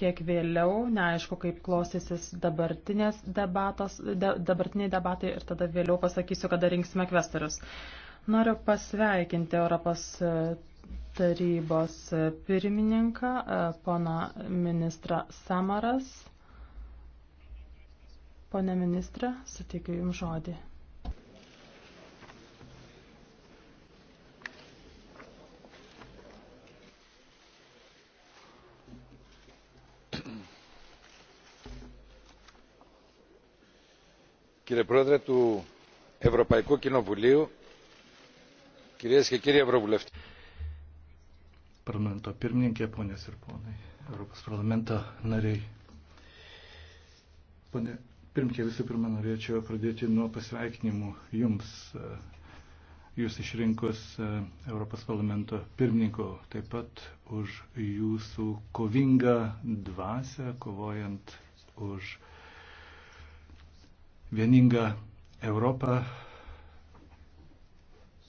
kiek vėliau, neaišku, kaip klostysis dabartinės debatos, de, dabartiniai debatai ir tada vėliau pasakysiu, kada rinksime kvestorius. Noriu pasveikinti Europos e, tarybos e, pirmininką, e, pona ministra Samaras. Pone ministra, suteikiu Jums žodį. κύριε πρόεδρε του ευρωπαϊκού κοινοβουλίου κυρίες και κύριοι ευρωβουλευτές Parlamento pirmininkė, ponės ir ponai, Europos parlamento nariai. Pone pirmininkė, visų pirma, norėčiau pradėti nuo pasveikinimų jums, jūs išrinkus Europos parlamento pirmininko, taip pat už jūsų kovingą dvasę, kovojant už vieningą Europą.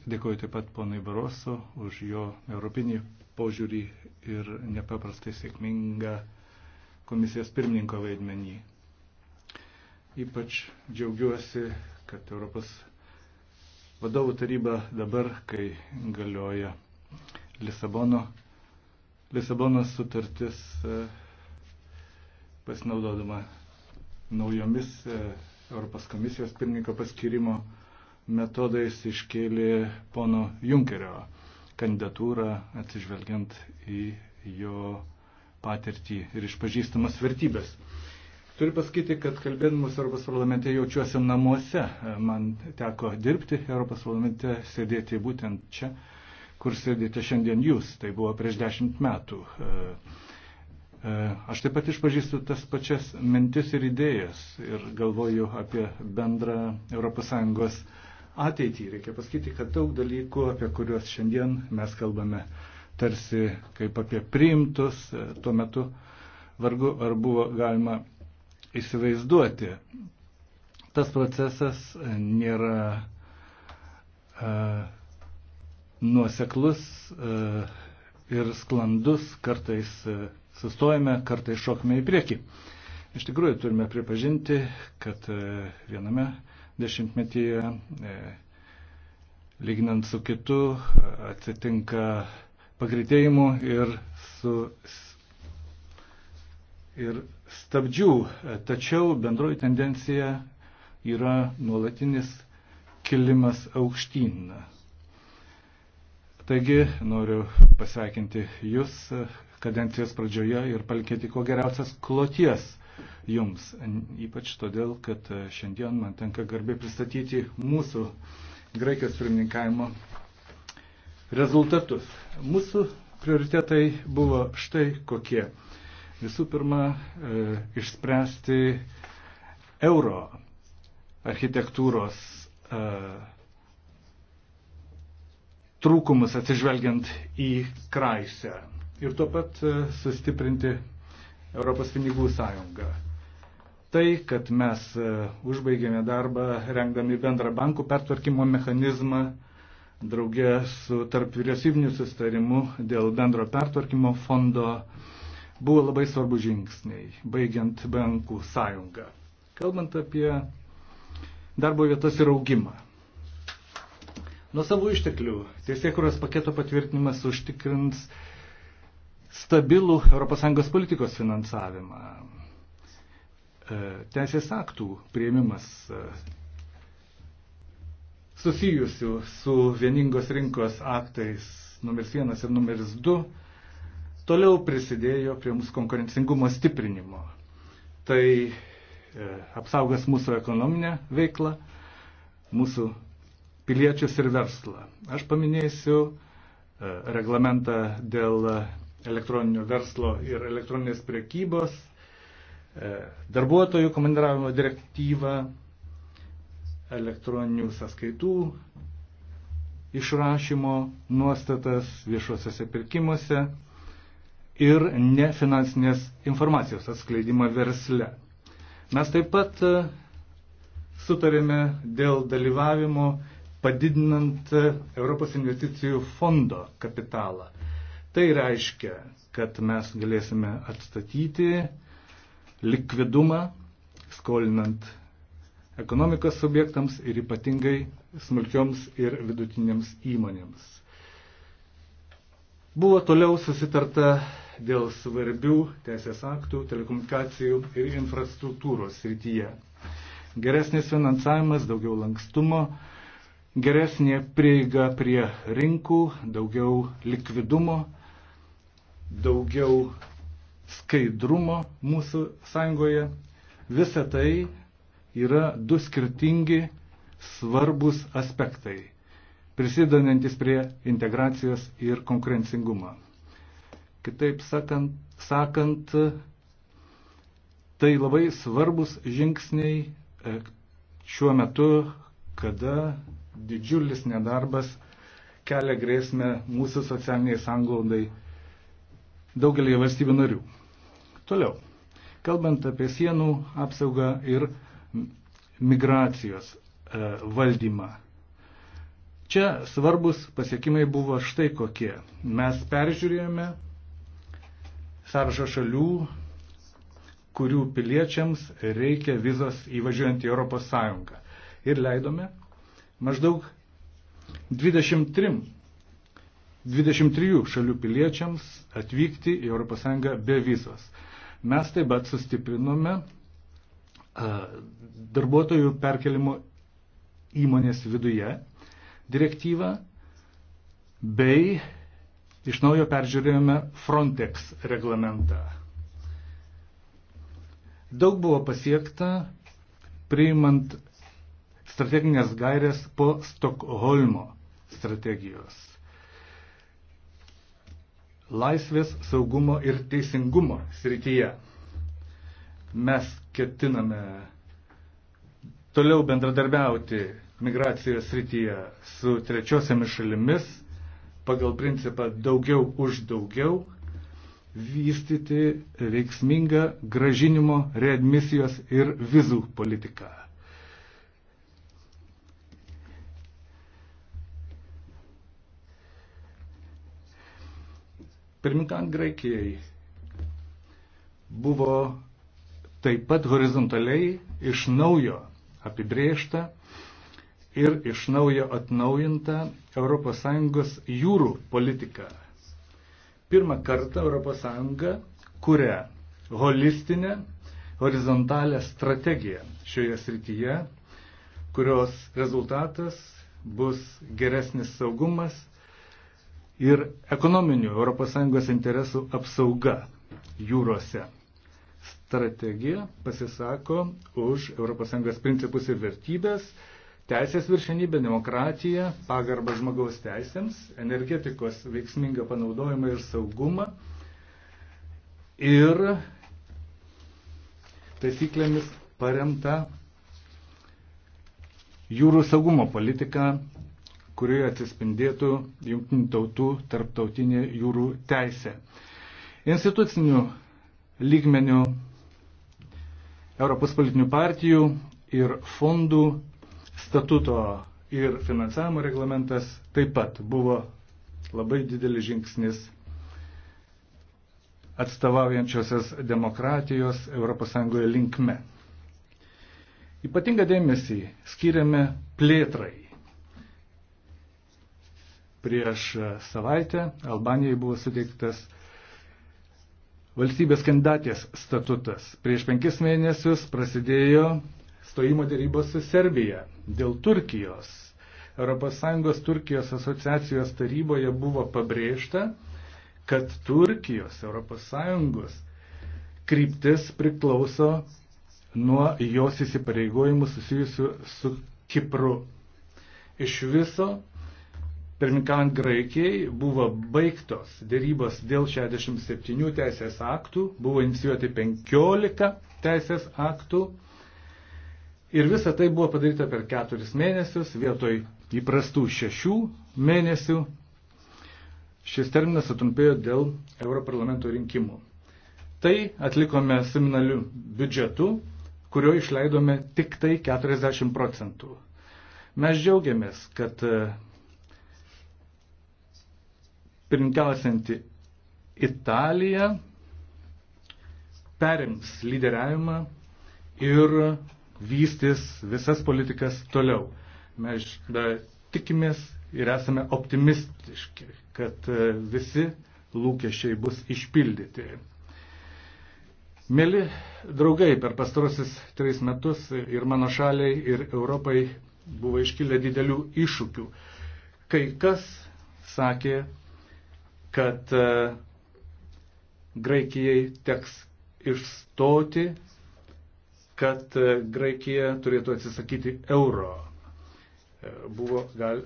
Dėkuoju taip pat ponui Baroso už jo europinį požiūrį ir nepaprastai sėkmingą komisijos pirmininko vaidmenį. Ypač džiaugiuosi, kad Europos vadovų taryba dabar, kai galioja Lisabono, Lisabonos sutartis e, pasinaudodama naujomis e, Europos komisijos pirmininko paskirimo metodais iškėlė pono Junkerio kandidatūrą atsižvelgiant į jo patirtį ir išpažįstamas vertybės. Turiu pasakyti, kad kalbėdamas Europos parlamente jaučiuosi namuose. Man teko dirbti Europos parlamente, sėdėti būtent čia, kur sėdite šiandien jūs. Tai buvo prieš dešimt metų. E, aš taip pat išpažįstu tas pačias mintis ir idėjas ir galvoju apie bendrą ES ateitį. Reikia pasakyti, kad daug dalykų, apie kuriuos šiandien mes kalbame tarsi kaip apie priimtus, e, tuo metu vargu ar buvo galima įsivaizduoti. Tas procesas e, nėra a, nuoseklus a, ir sklandus, kartais a, sustojame, kartai šokime į priekį. Iš tikrųjų turime pripažinti, kad e, viename dešimtmetyje, e, lyginant su kitu, e, atsitinka pagreitėjimų ir, su, ir stabdžių. Tačiau bendroji tendencija yra nuolatinis kilimas aukštyn. Taigi noriu pasveikinti Jūs, kadencijos pradžioje ir palikėti kuo geriausias kloties jums. Ypač todėl, kad e, šiandien man tenka garbė pristatyti mūsų Graikijos pirmininkavimo rezultatus. Mūsų prioritetai buvo štai kokie. Visų pirma, e, išspręsti euro architektūros e, trūkumus atsižvelgiant į kraisę ir tuo pat e, sustiprinti Europos pinigų sąjungą. Tai, kad mes e, užbaigėme darbą rengdami bendrą bankų pertvarkymo mechanizmą, draugė su tarp vyriausybiniu sustarimu dėl bendro pertvarkymo fondo, buvo labai svarbu žingsniai, baigiant bankų sąjungą. Kalbant apie darbo vietas ir augimą. Nuo savo išteklių tiesiekuros paketo patvirtinimas užtikrins stabilų ES politikos finansavimą. E, teisės aktų prieimimas e, susijusių su vieningos rinkos aktais numeris 1 ir numeris 2 toliau prisidėjo prie mūsų konkurencingumo stiprinimo. Tai e, apsaugas mūsų ekonominę veiklą, mūsų piliečius ir verslą. Aš paminėsiu e, reglamentą dėl elektroninio verslo ir elektroninės priekybos, e, darbuotojų komandiravimo direktyvą, elektroninių sąskaitų išrašymo nuostatas viešuosiuose pirkimuose ir nefinansinės informacijos atskleidimą versle. Mes taip pat e, sutarėme dėl dalyvavimo padidinant Europos investicijų fondo kapitalą. Tai reiškia, kad mes galėsime atstatyti likvidumą, skolinant ekonomikos subjektams ir ypatingai smulkioms ir vidutinėms įmonėms. Buvo toliau susitarta dėl svarbių teisės aktų telekomunikacijų ir infrastruktūros srityje. Geresnis finansavimas, daugiau lankstumo, geresnė prieiga prie rinkų, daugiau likvidumo daugiau skaidrumo mūsų sąjungoje. Visa tai yra du skirtingi svarbus aspektai, prisidedantis prie integracijos ir konkurencingumo. Kitaip sakant, sakant tai labai svarbus žingsniai e, šiuo metu, kada didžiulis nedarbas kelia grėsmę mūsų socialiniai sanglaudai daugelį valstybių narių. Toliau, kalbant apie sienų apsaugą ir migracijos e, valdymą. Čia svarbus pasiekimai buvo štai kokie. Mes peržiūrėjome sąrašą šalių, kurių piliečiams reikia vizos įvažiuojant į ES. Ir leidome maždaug 23 23 šalių piliečiams atvykti į ES be vizos. Mes taip pat sustiprinome darbuotojų perkelimo įmonės viduje direktyvą bei iš naujo peržiūrėjome Frontex reglamentą. Daug buvo pasiekta priimant strateginės gairės po Stokholmo strategijos laisvės, saugumo ir teisingumo srityje. Mes ketiname toliau bendradarbiauti migracijos srityje su trečiosiamis šalimis pagal principą daugiau už daugiau vystyti veiksmingą gražinimo, readmisijos ir vizų politiką. Pirminkant Graikijai buvo taip pat horizontaliai iš naujo apibriešta ir iš naujo atnaujinta ES jūrų politika. Pirmą kartą ES kuria holistinę, horizontalę strategiją šioje srityje, kurios rezultatas bus geresnis saugumas, ir ekonominių ES interesų apsauga jūrose. Strategija pasisako už ES principus ir vertybės, teisės viršenybę, demokratiją, pagarbą žmogaus teisėms, energetikos veiksmingą panaudojimą ir saugumą ir taisyklėmis paremta jūrų saugumo politika kurioje atsispindėtų jungtinių tautų tarptautinė jūrų teisė. Institucinių lygmenių Europos politinių partijų ir fondų statuto ir finansavimo reglamentas taip pat buvo labai didelis žingsnis atstovaujančiosios demokratijos ES linkme. Ypatingą dėmesį skiriame plėtrai Prieš savaitę Albanijai buvo suteiktas valstybės kandidatės statutas. Prieš penkis mėnesius prasidėjo stojimo dėrybos su Serbija dėl Turkijos. ES Turkijos asociacijos taryboje buvo pabrėžta, kad Turkijos ES kryptis priklauso nuo jos įsipareigojimų susijusių su Kipru. Iš viso Pirminkant Graikijai buvo baigtos dėrybos dėl 67 teisės aktų, buvo inicijuoti 15 teisės aktų ir visa tai buvo padaryta per keturis mėnesius vietoj įprastų šešių mėnesių. Šis terminas atrumpėjo dėl Europarlamento rinkimų. Tai atlikome seminaliu biudžetu, kurio išleidome tik tai 40 procentų. Mes džiaugiamės, kad Pirmkiausianti Italija perims lyderiavimą ir vystys visas politikas toliau. Mes tikimės ir esame optimistiški, kad e, visi lūkesčiai bus išpildyti. Mėly draugai, per pastarosius tris metus ir mano šaliai, ir Europai buvo iškilę didelių iššūkių. Kai kas sakė, kad e, Graikijai teks išstoti, kad e, Graikija turėtų atsisakyti euro. E, buvo, gal,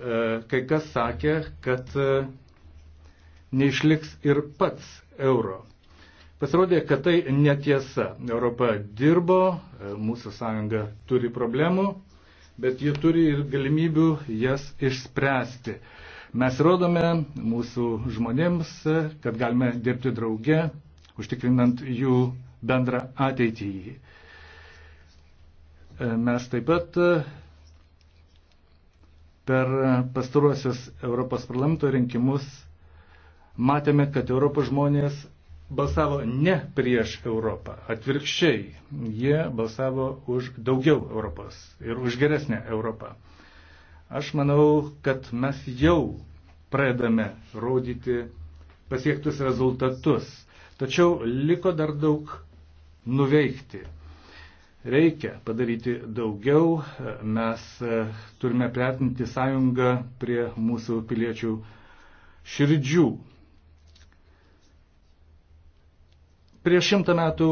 kai kas sakė, kad neišliks ir pats euro. Pasirodė, kad tai netiesa. Europa dirbo, mūsų sąjunga turi problemų, bet ji turi ir galimybių jas išspręsti. Mes rodome mūsų žmonėms, e, kad galime dirbti drauge, užtikrinant jų bendrą ateitį. E, mes taip pat e, per pastaruosius Europos parlamento rinkimus matėme, kad Europos žmonės balsavo ne prieš Europą, atvirkščiai, jie balsavo už daugiau Europos ir už geresnę Europą. Aš manau, kad mes jau pradame rodyti pasiektus rezultatus. Tačiau liko dar daug nuveikti. Reikia padaryti daugiau, mes e, turime priartinti sąjungą prie mūsų piliečių širdžių. Prieš šimtą metų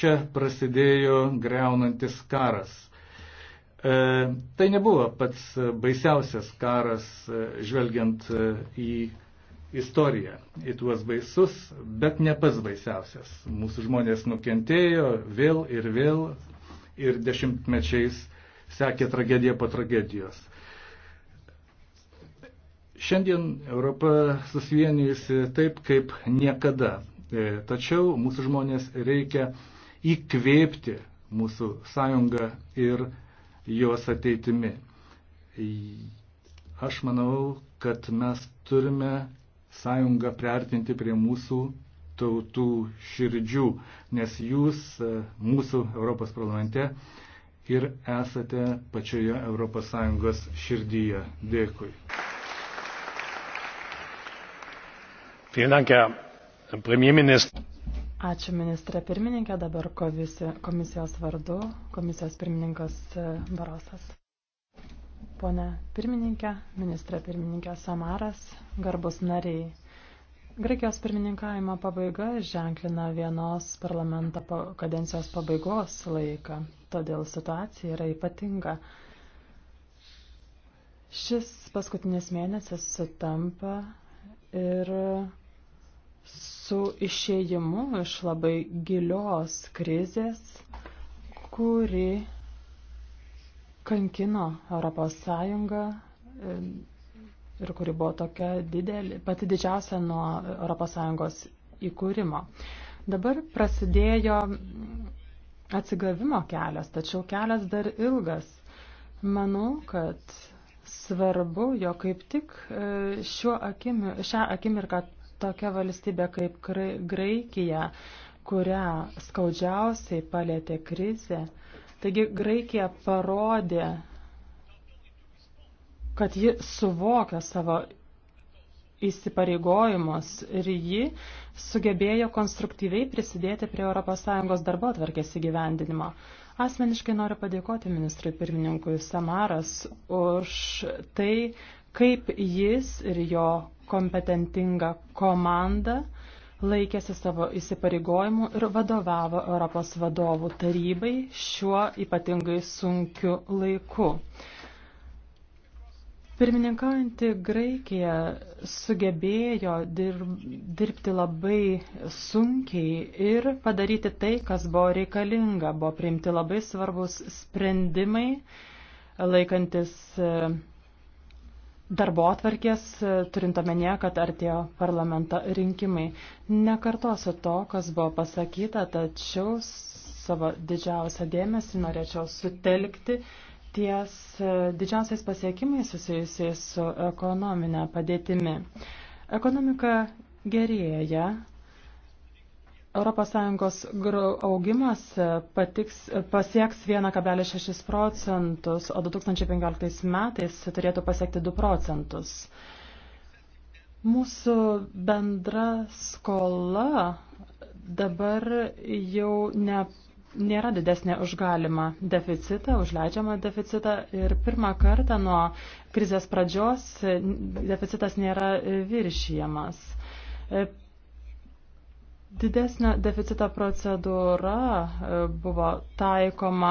čia prasidėjo greunantis karas E, tai nebuvo pats baisiausias karas, e, žvelgiant e, į istoriją, į tuos baisus, bet ne pats baisiausias. Mūsų žmonės nukentėjo vėl ir vėl ir dešimtmečiais sekė tragedija po tragedijos. Šiandien Europa susivienijusi taip kaip niekada. Tačiau mūsų žmonės reikia įkvėpti mūsų sąjungą ir jos ateitimi. Aš manau, kad mes turime sąjungą priartinti prie mūsų tautų širdžių, nes jūs e, mūsų Europos parlamente ir esate pačioje ES širdyje. Dėkui. Vielen Dank, Herr Premierminister. Ačiū ministrė pirmininkė, dabar komisijos vardu, komisijos pirmininkas e, Barosas. Pone pirmininkė, ministrė pirmininkė Samaras, garbus nariai. Graikijos pirmininkavimo pabaiga ženklina vienos parlamento kadencijos pabaigos laiką, todėl situacija yra ypatinga. Šis paskutinis mėnesis sutampa ir su išėjimu iš labai gilios krizės, kuri kankino Europos Sąjungą e, ir kuri buvo tokia didelė, pati didžiausia nuo Europos Sąjungos įkūrimo. Dabar prasidėjo atsigavimo kelias, tačiau kelias dar ilgas. Manau, kad svarbu, jo kaip tik e, šiuo akim, šią akimirką tokia valstybė kaip Graikija, kurią skaudžiausiai palėtė krizė. Taigi Graikija parodė, kad ji suvokia savo įsipareigojimus ir ji sugebėjo konstruktyviai prisidėti prie ES darbo atvarkės įgyvendinimo. Asmeniškai noriu padėkoti ministrui pirmininkui Samaras už tai, kaip jis ir jo kompetentinga komanda laikėsi savo įsipareigojimų ir vadovavo Europos vadovų tarybai šiuo ypatingai sunkiu laiku. Pirmininkaujanti Graikija sugebėjo dirb, dirbti labai sunkiai ir padaryti tai, kas buvo reikalinga. Buvo priimti labai svarbus sprendimai, laikantis darbo atvarkės, turint omenyje, kad artėjo parlamento rinkimai. Nekartosiu to, kas buvo pasakyta, tačiau savo didžiausią dėmesį norėčiau sutelkti ties e, didžiausiais pasiekimais susijusiais su ekonominė padėtimi. Ekonomika gerėja, ES augimas e, patiks, e, pasieks 1,6 procentus, o 2015 metais turėtų pasiekti 2 procentus. Mūsų bendra skola dabar jau ne, nėra didesnė už galimą deficitą, už leidžiamą deficitą ir pirmą kartą nuo krizės pradžios deficitas nėra viršijamas. E, Didesnio deficito procedūra e, buvo taikoma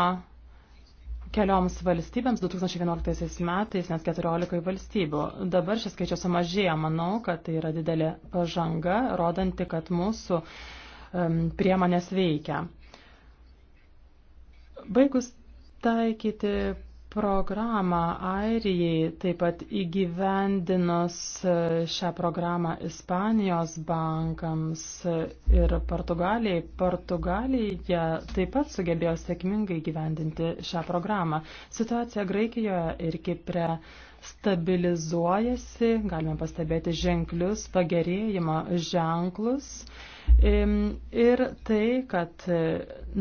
kelioms valstybėms 2011 metais, net 14 valstybių. Dabar šis skaičius sumažėjo, manau, kad tai yra didelė pažanga, rodanti, kad mūsų priemonės veikia. Baigus taikyti programą Airijai, taip pat įgyvendinus e, šią programą Ispanijos bankams ir Portugalijai. Portugalija taip pat sugebėjo sėkmingai įgyvendinti šią programą. Situacija Graikijoje ir Kipre stabilizuojasi, galime pastebėti ženklius, pagerėjimo ženklus ir tai, kad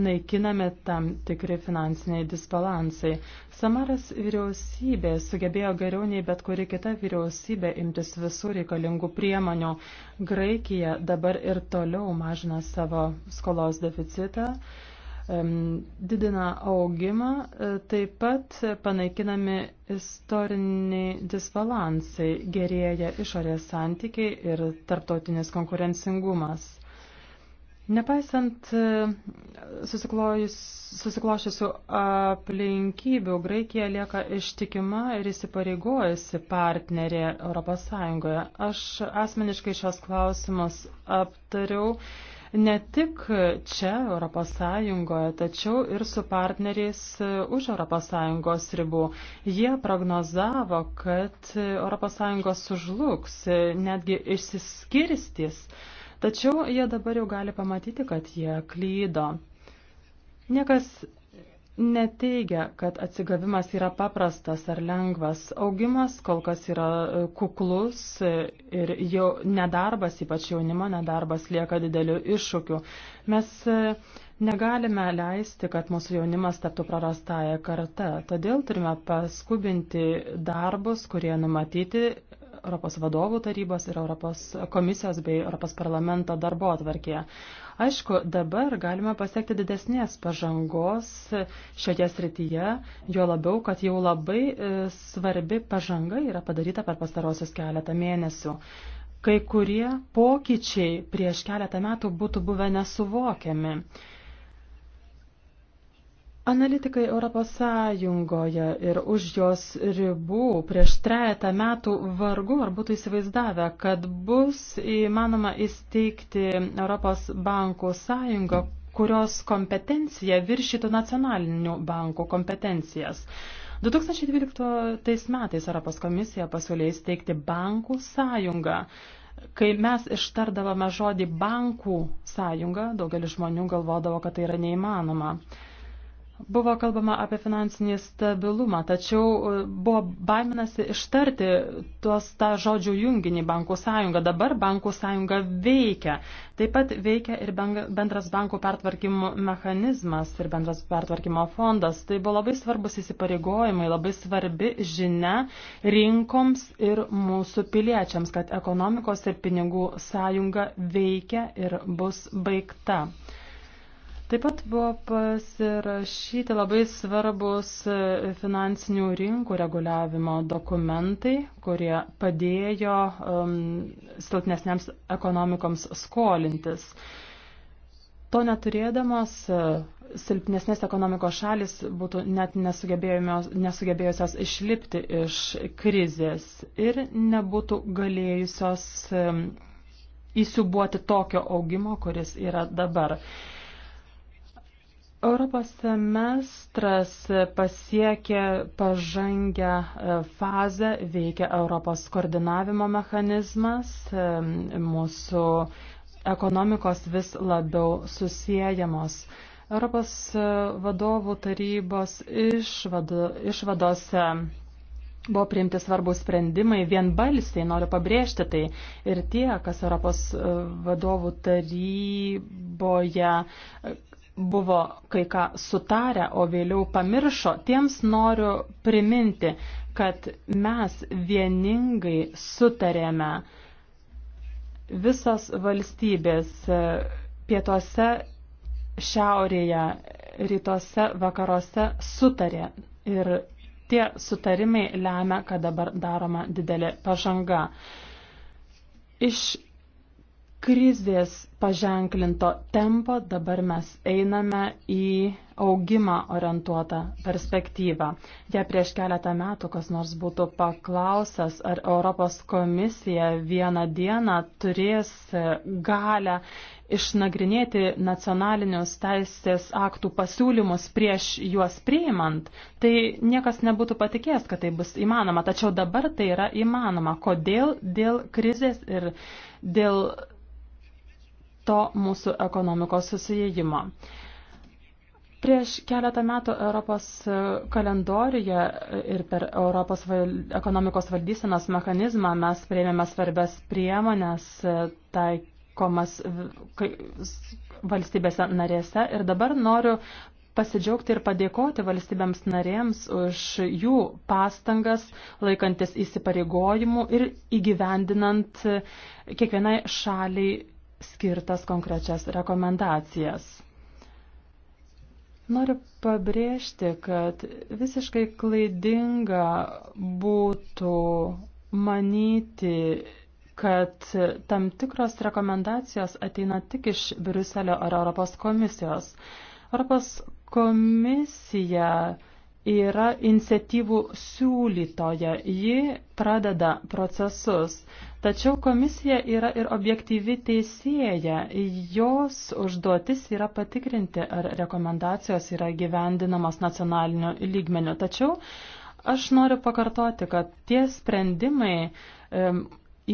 naikinami tam tikri finansiniai disbalansai. Samaras vyriausybė sugebėjo geriau nei bet kuri kita vyriausybė imtis visų reikalingų priemonių. Graikija dabar ir toliau mažina savo skolos deficitą didina augimą, e, taip pat panaikinami istoriniai disbalansai, gerėja išorės santykiai ir tarptautinis konkurencingumas. Nepaisant e, susiklošiusių aplinkybių, Graikija lieka ištikima ir įsipareigojusi partnerė ES. Aš asmeniškai šios klausimus aptariau ne tik čia Europos Sąjungoje, tačiau ir su partneriais e, už Europos Sąjungos ribų. Jie prognozavo, kad Europos Sąjungos sužlugs, e, netgi išsiskirstys, tačiau jie dabar jau gali pamatyti, kad jie klydo. Niekas neteigia, kad atsigavimas yra paprastas ar lengvas. Augimas kol kas yra e, kuklus e, ir jau nedarbas, ypač jaunimo nedarbas, lieka dideliu iššūkiu. Mes e, negalime leisti, kad mūsų jaunimas taptų prarastąją kartą. Todėl turime paskubinti darbus, kurie numatyti Europos vadovų tarybos ir Europos komisijos bei Europos parlamento darbo atvarkėje. Aišku, dabar galime pasiekti didesnės pažangos šioje srityje, jo labiau, kad jau labai e, svarbi pažanga yra padaryta per pastarosius keletą mėnesių. Kai kurie pokyčiai prieš keletą metų būtų buvę nesuvokiami. Analitikai Europos Sąjungoje ir už jos ribų prieš trejata metų vargu ar būtų įsivaizdavę, kad bus įmanoma įsteigti Europos bankų sąjungą, kurios kompetencija viršytų nacionalinių bankų kompetencijas. 2012 metais Europos komisija pasiūlė įsteigti bankų sąjungą. Kai mes ištardavome žodį bankų sąjunga, daugelis žmonių galvodavo, kad tai yra neįmanoma. Buvo kalbama apie finansinį stabilumą, tačiau e, buvo baiminasi ištarti tuos tą žodžių junginį bankų sąjungą. Dabar bankų sąjunga veikia. Taip pat veikia ir bendras bankų pertvarkymo mechanizmas ir bendras pertvarkymo fondas. Tai buvo labai svarbus įsipareigojimai, labai svarbi žinia rinkoms ir mūsų piliečiams, kad ekonomikos ir pinigų sąjunga veikia ir bus baigta. Taip pat buvo pasirašyti labai svarbus e, finansinių rinkų reguliavimo dokumentai, kurie padėjo um, silpnesnėms ekonomikoms skolintis. To neturėdamos e, silpnesnės ekonomikos šalis būtų net nesugebėjusios išlipti iš krizės ir nebūtų galėjusios įsiubuoti tokio augimo, kuris yra dabar. Europos semestras pasiekė pažangę e, fazę, veikia Europos koordinavimo mechanizmas, e, mūsų ekonomikos vis labiau susijęjamos. Europos e, vadovų tarybos išvado, išvadose buvo priimti svarbus sprendimai, vienbalsiai noriu pabrėžti tai. Ir tie, kas Europos vadovų taryboje buvo kai ką sutarę, o vėliau pamiršo, tiems noriu priminti, kad mes vieningai sutarėme visas valstybės e, pietuose, šiaurėje, rytuose, vakaruose sutarė ir tie sutarimai lemia, kad dabar daroma didelė pažanga. Iš krizės paženklinto tempo dabar mes einame į augimą orientuotą perspektyvą. Jei prieš keletą metų kas nors būtų paklausęs, ar Europos komisija vieną dieną turės galę išnagrinėti nacionalinius teisės aktų pasiūlymus prieš juos priimant, tai niekas nebūtų patikėjęs, kad tai bus įmanoma. Tačiau dabar tai yra įmanoma. Kodėl? Dėl krizės ir dėl to mūsų ekonomikos susijėjimo. Prieš keletą metų Europos kalendoriuje ir per Europos val... ekonomikos valdysenos mechanizmą mes prieimėme svarbias priemonės taikomas valstybėse narėse ir dabar noriu pasidžiaugti ir padėkoti valstybėms narėms už jų pastangas, laikantis įsipareigojimų ir įgyvendinant kiekvienai šaliai skirtas konkrečias rekomendacijas. Noriu pabrėžti, kad visiškai klaidinga būtų manyti, kad tam tikros rekomendacijos ateina tik iš Briuselio ar Europos komisijos. Europos komisija yra iniciatyvų siūlytoja, ji pradeda procesus. Tačiau komisija yra ir objektyvi teisėja. Jos užduotis yra patikrinti, ar rekomendacijos yra gyvendinamas nacionaliniu lygmeniu. Tačiau aš noriu pakartoti, kad tie sprendimai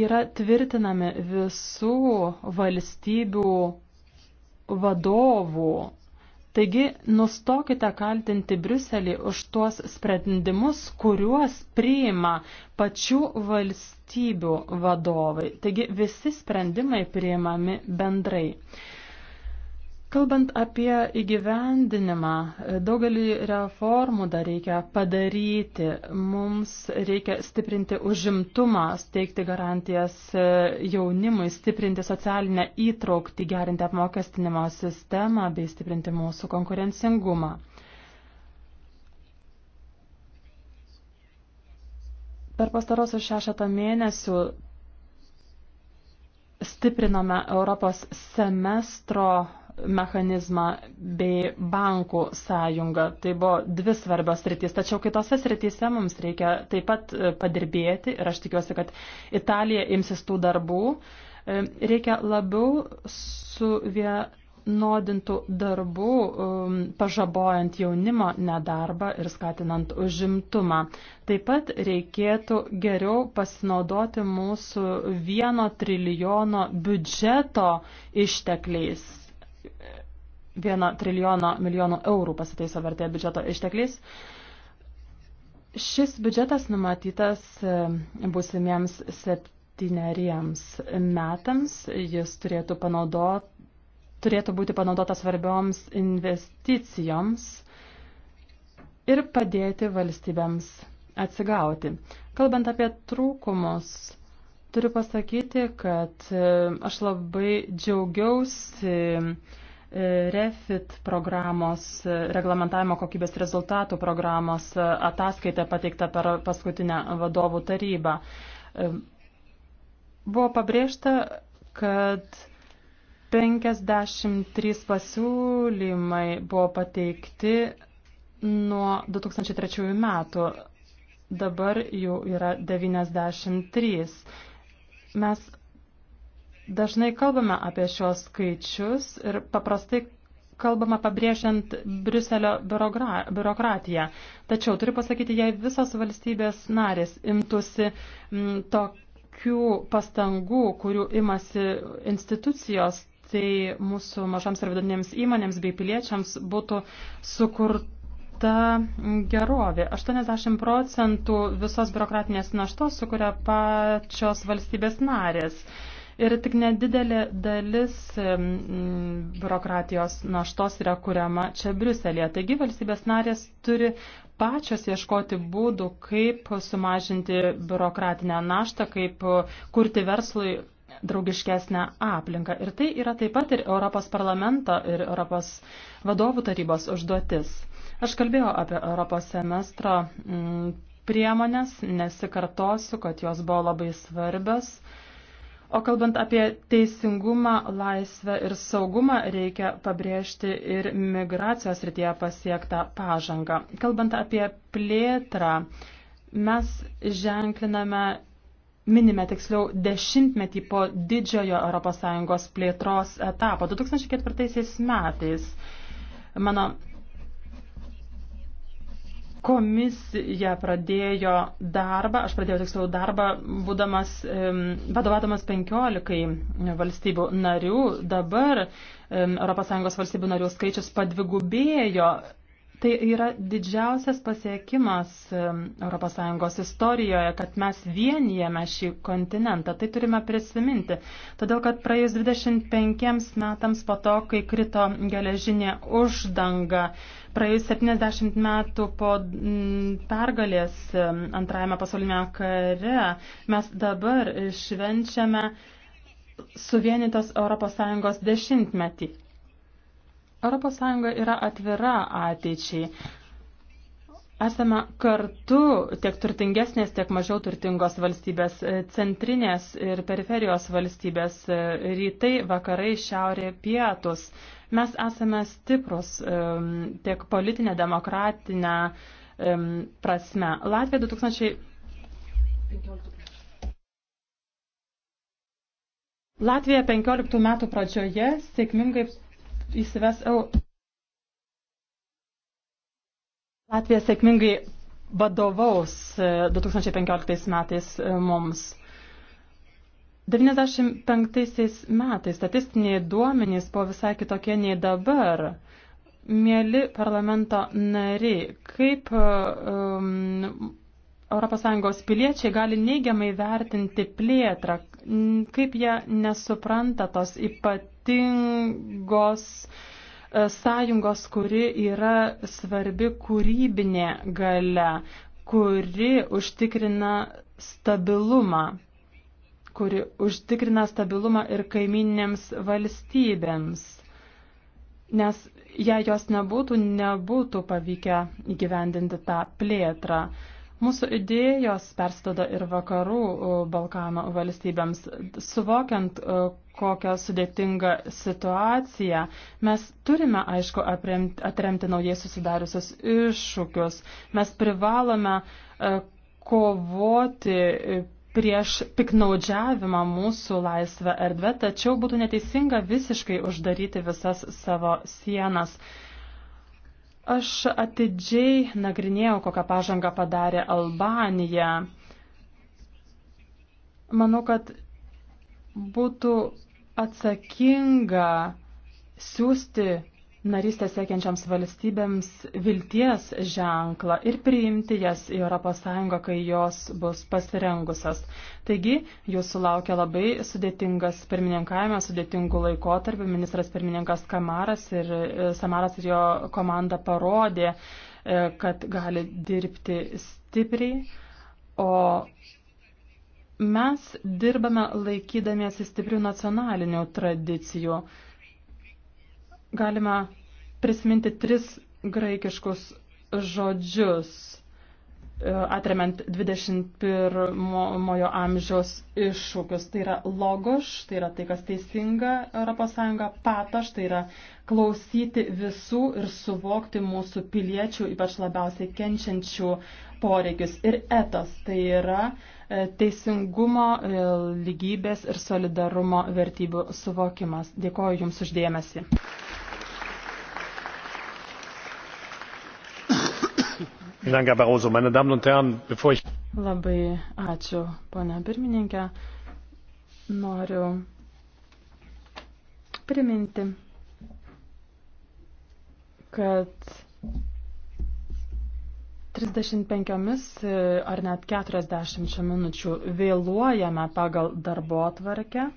yra tvirtinami visų valstybių vadovų Taigi nustokite kaltinti Briuselį už tuos sprendimus, kuriuos priima pačių valstybių vadovai. Taigi visi sprendimai priimami bendrai. Kalbant apie įgyvendinimą, daugelį reformų dar reikia padaryti. Mums reikia stiprinti užimtumą, steigti garantijas jaunimui, stiprinti socialinę įtraukti, gerinti apmokestinimo sistemą bei stiprinti mūsų konkurencingumą. Per pastarosius šešetą mėnesių stiprinome Europos semestro mechanizmą bei bankų sąjungą. Tai buvo dvi svarbios sritys, tačiau kitose srityse mums reikia taip pat e, padirbėti ir aš tikiuosi, kad Italija imsis tų darbų. E, reikia labiau suvienodintų darbų, e, pažabojant jaunimo nedarbą ir skatinant užimtumą. Taip pat reikėtų geriau pasinaudoti mūsų vieno trilijono biudžeto ištekliais 1 trilijono milijonų eurų pasiteiso vertė biudžeto ištekliais. Šis biudžetas numatytas e, būsimiems septyneriems metams. Jis turėtų, panaudot, turėtų būti panaudotas svarbioms investicijoms ir padėti valstybėms atsigauti. Kalbant apie trūkumus, Turiu pasakyti, kad e, aš labai džiaugiausi e, REFIT programos, e, reglamentavimo kokybės rezultatų programos ataskaitę pateiktą per paskutinę vadovų tarybą. Buvo pabrėžta, kad 53 pasiūlymai buvo pateikti nuo 2003 metų. Dabar jų yra 93. Mes dažnai kalbame apie šios skaičius ir paprastai kalbama pabrėžiant Briuselio biurokratiją. Tačiau turiu pasakyti, jei visos valstybės narės imtųsi m, mm, tokių pastangų, kurių imasi institucijos, tai mūsų mažams ir vidutinėms įmonėms bei piliečiams būtų sukurta ta gerovė. 80 procentų visos biurokratinės naštos sukuria pačios valstybės narės. Ir tik nedidelė dalis biurokratijos naštos yra kuriama čia Briuselėje. Taigi valstybės narės turi pačios ieškoti būdų, kaip sumažinti biurokratinę naštą, kaip kurti verslui draugiškesnę aplinką. Ir tai yra taip pat ir Europos parlamento ir Europos vadovų tarybos užduotis. Aš kalbėjau apie Europos semestro mm, priemonės, nesikartosiu, kad jos buvo labai svarbios. O kalbant apie teisingumą, laisvę ir saugumą, reikia pabrėžti ir migracijos rytyje pasiektą pažangą. Kalbant apie plėtrą, mes ženkliname, minime tiksliau, dešimtmetį po didžiojo ES plėtros etapo 2004 metais. Mano Komisija pradėjo darbą, aš pradėjau tiksliau darbą, būdamas, vadovavimas 15 valstybių narių, dabar ES valstybių narių skaičius padvigubėjo Tai yra didžiausias pasiekimas ES istorijoje, kad mes vienijame šį kontinentą. Tai turime prisiminti. Todėl, kad praėjus 25 metams po to, kai krito geležinė uždanga, praėjus 70 metų po pergalės antrajame pasaulinėme kare, mes dabar švenčiame suvienytos ES dešimtmetį. ES yra atvira ateičiai. Esame kartu tiek turtingesnės, tiek mažiau turtingos valstybės, e, centrinės ir periferijos valstybės, e, rytai, vakarai, šiaurė, pietus. Mes esame stiprus e, tiek politinė, demokratinė prasme. Latvija 2015. Latvija 15 metų pradžioje sėkmingai įsives eurų. Latvija sėkmingai vadovaus 2015 e, metais e, mums. 95 metais statistiniai duomenys buvo visai kitokie nei dabar. Mėly parlamento nariai, kaip e, um, ES piliečiai gali neigiamai vertinti plėtrą, kaip jie nesupranta tos ypat ypatingos e, sąjungos, kuri yra svarbi kūrybinė gale, kuri užtikrina stabilumą, kuri užtikrina stabilumą ir kaiminėms valstybėms. Nes jei jos nebūtų, nebūtų pavykę įgyvendinti tą plėtrą. Mūsų idėjos persidoda ir vakarų Balkano valstybėms. Suvokiant, kokią sudėtingą situaciją, mes turime, aišku, apremti, atremti naujai susidariusius iššūkius. Mes privalome e, kovoti e, prieš piknaudžiavimą mūsų laisvę erdvę, tačiau būtų neteisinga visiškai uždaryti visas savo sienas. Aš atidžiai nagrinėjau, kokią pažangą padarė Albanija. Manau, kad būtų atsakinga siūsti narystę siekiančiams valstybėms vilties ženklą ir priimti jas į ES, kai jos bus pasirengusios. Taigi, jūsų laukia labai sudėtingas pirmininkavimas, sudėtingų laikotarpių. Ministras pirmininkas Kamaras ir, e, Samaras ir jo komanda parodė, e, kad gali dirbti stipriai, o mes dirbame laikydamiesi stiprių nacionalinių tradicijų galima prisiminti tris graikiškus žodžius e, atremiant 21-ojo amžiaus iššūkius. Tai yra logoš, tai yra tai, kas teisinga ES, pataš, tai yra klausyti visų ir suvokti mūsų piliečių, ypač labiausiai kenčiančių poreikius. Ir etas, tai yra e, teisingumo, e, lygybės ir solidarumo vertybių suvokimas. Dėkoju Jums uždėmesi. Labai ačiū, ponia pirmininkė. Noriu priminti, kad 35 e, ar net 40 minučių vėluojame pagal darbo atvarkę,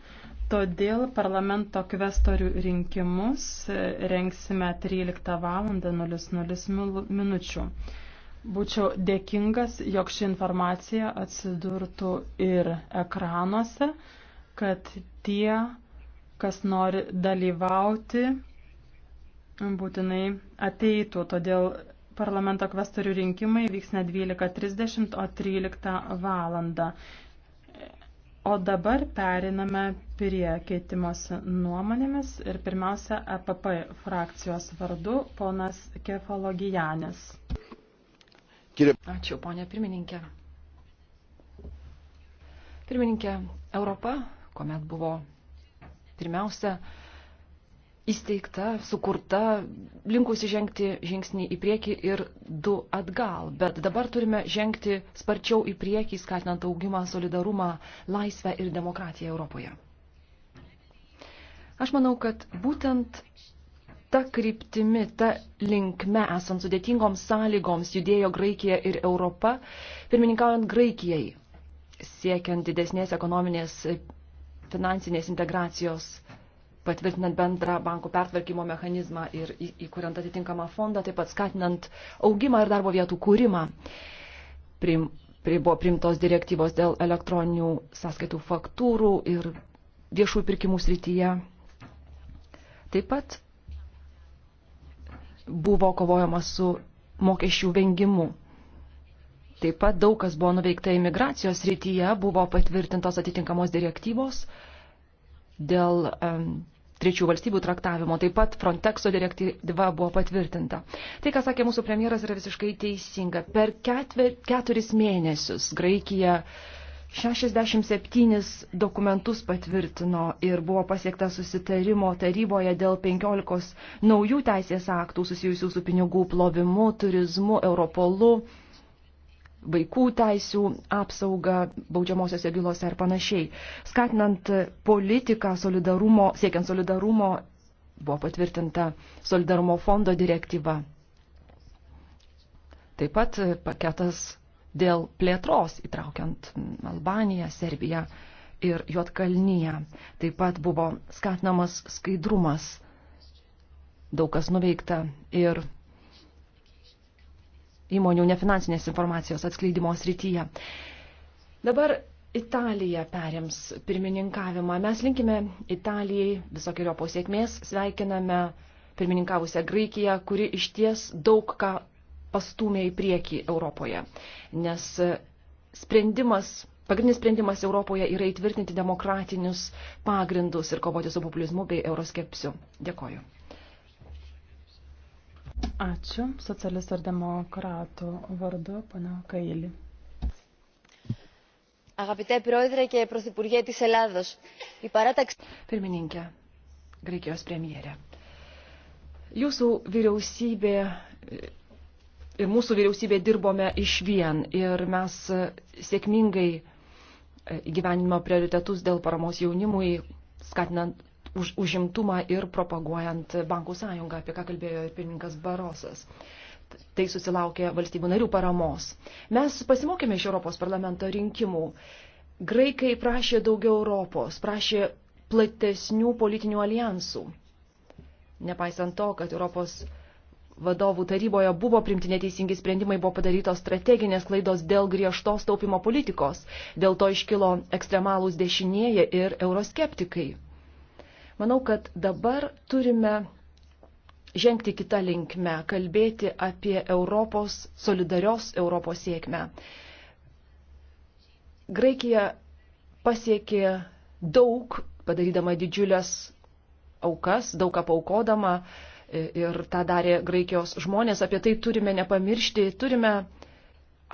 todėl parlamento kvestorių rinkimus e, rengsime 13 val. 00 minučių. Būčiau dėkingas, jog ši informacija atsidurtų ir ekranuose, kad tie, kas nori dalyvauti, būtinai ateitų. Todėl parlamento kvestorių rinkimai vyks ne 12.30, o 13 valandą. O dabar periname prie keitimosi nuomonėmis ir pirmiausia EPP frakcijos vardu ponas Kefalogijanis. Ačiū, ponė pirmininkė. Pirmininkė, Europa, kuomet buvo pirmiausia įsteigta, sukurta, linkusi žengti žingsnį į priekį ir du atgal. Bet dabar turime žengti sparčiau į priekį, skatinant augimą, solidarumą, laisvę ir demokratiją Europoje. Aš manau, kad būtent ta kryptimi, ta linkme, esant sudėtingoms sąlygoms, judėjo Graikija ir Europa, pirmininkaujant Graikijai, siekiant didesnės ekonominės finansinės integracijos, patvirtinant bendrą bankų pertvarkymo mechanizmą ir įkuriant atitinkamą fondą, taip pat skatinant augimą ir darbo vietų kūrimą. Prim, pri, buvo primtos direktyvos dėl elektroninių sąskaitų faktūrų ir viešųjų pirkimų srityje. Taip pat buvo kovojama su mokesčių vengimu. Taip pat daug kas buvo nuveikta imigracijos rytyje, buvo patvirtintos atitinkamos direktyvos dėl um, trečių valstybių traktavimo. Taip pat Frontexo direktyva buvo patvirtinta. Tai, ką sakė mūsų premjeras, yra visiškai teisinga. Per ketver, keturis mėnesius Graikija uh, 67 dokumentus patvirtino ir buvo pasiekta susitarimo taryboje dėl 15 naujų teisės aktų susijusių su pinigų plovimu, turizmu, Europolu, vaikų teisių apsauga baudžiamosiose bylose ir panašiai. Skatinant politiką solidarumo, siekiant solidarumo, buvo patvirtinta solidarumo fondo direktyva. Taip pat paketas dėl plėtros, įtraukiant Albaniją, Serbiją ir Juotkalnyje. Taip pat buvo skatinamas skaidrumas, daug kas nuveikta ir įmonių nefinansinės informacijos atskleidimo srityje. Dabar Italija perims pirmininkavimą. Mes linkime Italijai visokiojo pasiekmės, sveikiname pirmininkavusią Graikiją, kuri iš ties daug ką pastumė į priekį Europoje. Nes sprendimas, pagrindinis sprendimas Europoje yra įtvirtinti demokratinius pagrindus ir kovoti su populizmu bei euroskepsiu. Dėkoju. Ačiū. Socialistų ir demokratų vardu, pana Kailį. Agapite Proedrė ir Prosipurgė tis Elados. Į parataks... Pirmininkė, Graikijos premjerė. Jūsų vyriausybė ir mūsų vyriausybė dirbome iš vien ir mes sėkmingai e, įgyvenimo prioritetus dėl paramos jaunimui, skatinant už, užimtumą ir propaguojant bankų sąjungą, apie ką kalbėjo ir pirmininkas Barosas. Tai susilaukė valstybių narių paramos. Mes pasimokėme iš Europos parlamento rinkimų. Graikai prašė daugiau Europos, prašė platesnių politinių alijansų. Nepaisant to, kad Europos parlamento vadovų taryboje buvo primti neteisingi sprendimai, buvo padarytos strateginės klaidos dėl griežtos taupimo politikos. Dėl to iškilo ekstremalūs dešinieji ir euroskeptikai. Manau, kad dabar turime žengti kitą linkmę, kalbėti apie Europos, solidarios Europos sėkmę. Graikija pasiekė daug, padarydama didžiulės aukas, daug apaukodama, uh, ir tą darė Graikijos žmonės. Apie tai turime nepamiršti, turime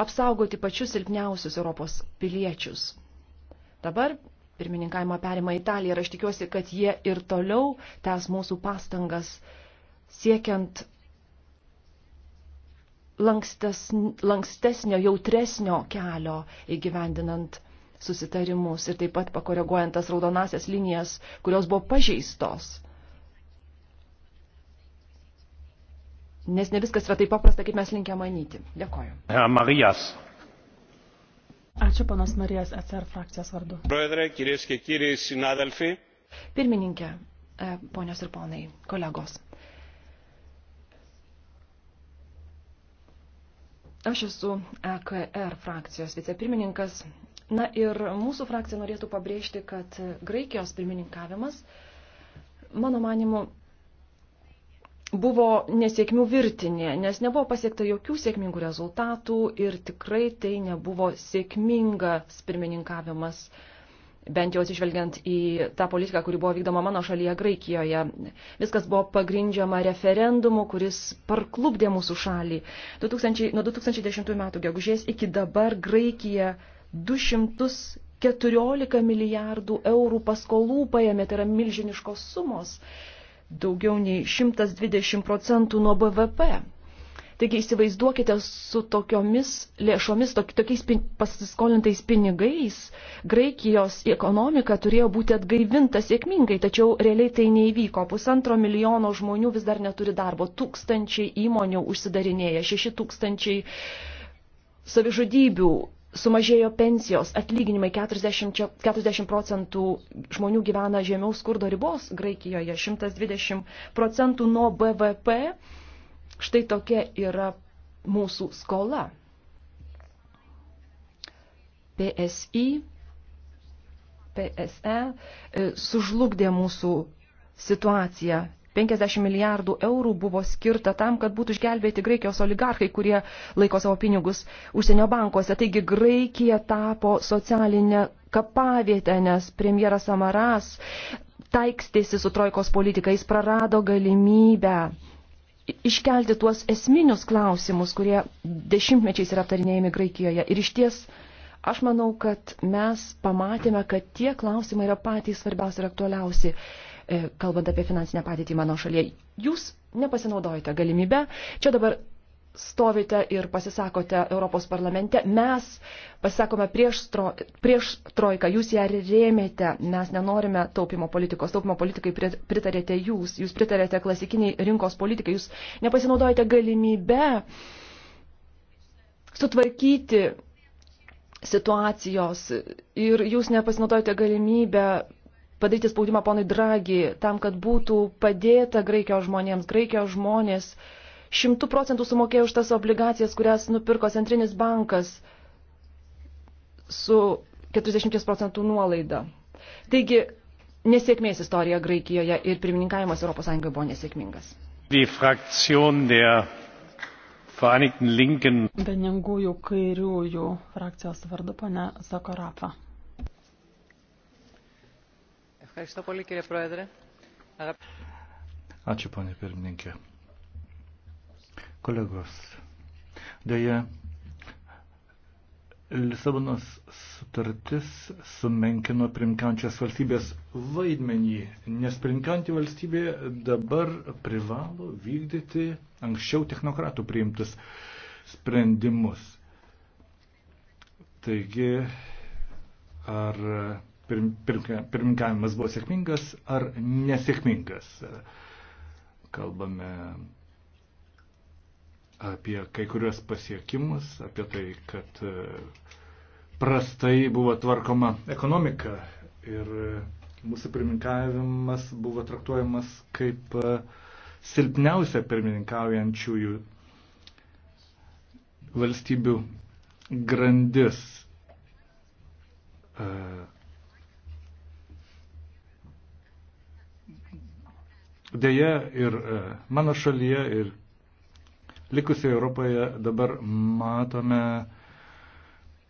apsaugoti pačius silpniausius Europos piliečius. Dabar pirmininkavimą perima Italija ir aš tikiuosi, kad jie ir toliau tęs mūsų pastangas siekiant lankstes, lankstesnio, jautresnio kelio įgyvendinant susitarimus ir taip pat pakoreguojant tas raudonasias linijas, kurios buvo pažeistos nes ne viskas yra taip paprasta, kaip mes linkia manyti. Dėkoju. Ja, Marijas. Ačiū, panas Marijas, ECR frakcijos vardu. Prodre, kirės ir kiriai, sinadelfi. Pirmininkė, e, ponios ir ponai, kolegos. Aš esu EKR frakcijos vicepirmininkas. Na ir mūsų frakcija norėtų pabrėžti, kad Graikijos pirmininkavimas, mano manimu, buvo nesėkmių virtinė, nes nebuvo pasiekta jokių sėkmingų rezultatų ir tikrai tai nebuvo sėkmingas pirmininkavimas, bent jau atsižvelgiant į tą politiką, kuri buvo vykdoma mano šalyje Graikijoje. Viskas buvo pagrindžiama referendumu, kuris parklubdė mūsų šalį. 2000, nuo 2010 metų gegužės iki dabar Graikija 214 milijardų eurų paskolų paėmė, tai yra milžiniškos sumos daugiau nei 120 procentų nuo BVP. Taigi įsivaizduokite su tokiomis lėšomis, tokiais pasiskolintais pinigais, Graikijos ekonomika turėjo būti atgaivinta sėkmingai, tačiau realiai tai neįvyko. Pusantro milijono žmonių vis dar neturi darbo, tūkstančiai įmonių užsidarinėja, šeši tūkstančiai savižudybių sumažėjo pensijos, atlyginimai 40, 40 procentų žmonių gyvena žemiau skurdo ribos Graikijoje, 120 procentų nuo BVP. Štai tokia yra mūsų skola. PSI, PSE e, sužlugdė mūsų situaciją 50 milijardų eurų buvo skirta tam, kad būtų išgelbėti Graikijos oligarkai, kurie laiko savo pinigus užsienio bankuose. Taigi Graikija tapo socialinė kapavietė, nes premjeras Samaras taikstėsi su trojkos politikais, prarado galimybę iškelti tuos esminius klausimus, kurie dešimtmečiais yra aptarinėjami Graikijoje. Ir iš ties Aš manau, kad mes pamatėme, kad tie klausimai yra patys svarbiausi ir aktualiausi. E, kalbant apie finansinę padėtį mano šalyje. Jūs nepasinaudojate galimybę. Čia dabar stovite ir pasisakote Europos parlamente. Mes pasisakome prieš, tro, prieš trojką, jūs ją rėmėte, mes nenorime taupimo politikos, taupimo politikai pritarėte jūs, jūs pritarėte klasikiniai rinkos politikai, jūs nepasinaudojate galimybę sutvarkyti situacijos ir jūs nepasinaudojate galimybę padaryti spaudimą ponui Dragi, tam, kad būtų padėta Graikijos žmonėms. Graikijos žmonės šimtų procentų sumokėjo už tas obligacijas, kurias nupirko Centrinis bankas su 40 procentų nuolaida. Taigi, nesėkmės istorija Graikijoje ir pirmininkavimas ES buvo nesėkmingas. Beningųjų kairiųjų frakcijos vardu, pane Zakorafa. Ačiū, ponė pirmininkė. Kolegos, dėja, Lisabonos sutartis sumenkino primkiančias valstybės vaidmenį, nes primkianti valstybė dabar privalo vykdyti anksčiau technokratų priimtus sprendimus. Taigi, ar pirmininkavimas buvo sėkmingas ar nesėkmingas. Kalbame apie kai kurios pasiekimus, apie tai, kad e, prastai buvo tvarkoma ekonomika ir e, mūsų pirmininkavimas buvo traktuojamas kaip e, silpniausia pirmininkaujančiųjų valstybių grandis. Uh, Deja ir e, mano šalyje, ir likusioje Europoje dabar matome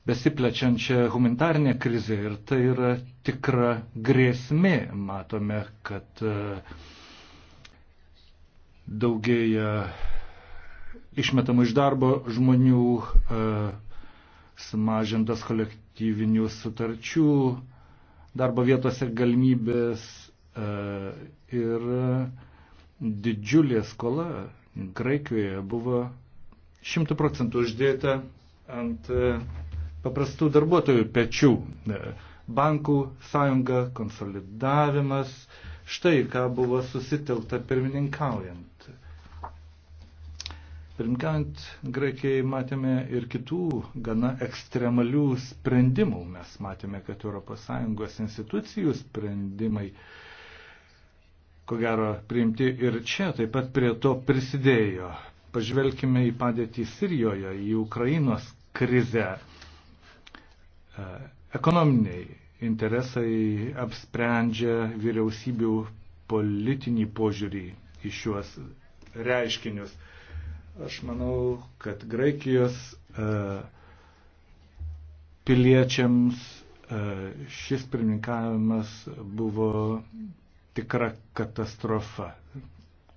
besiplečiančią humanitarinę krizę ir tai yra tikra grėsmė. Matome, kad e, daugėja išmetamų iš darbo žmonių, e, sumažintas kolektyvinių sutarčių, darbo vietose galimybės E, ir didžiulė skola Graikijoje buvo šimtų procentų uždėta ant e, paprastų darbuotojų pečių. E, bankų sąjunga, konsolidavimas, štai ką buvo susitelta pirmininkaujant. Pirmkant, Graikijai matėme ir kitų gana ekstremalių sprendimų. Mes matėme, kad ES institucijų sprendimai uh, ko gero priimti ir čia taip pat prie to prisidėjo. Pažvelkime į padėtį Sirijoje, į Ukrainos krizę. E, ekonominiai interesai apsprendžia vyriausybių politinį požiūrį į šiuos reiškinius. Aš manau, kad Graikijos e, piliečiams e, šis pirmininkavimas buvo tikra katastrofa.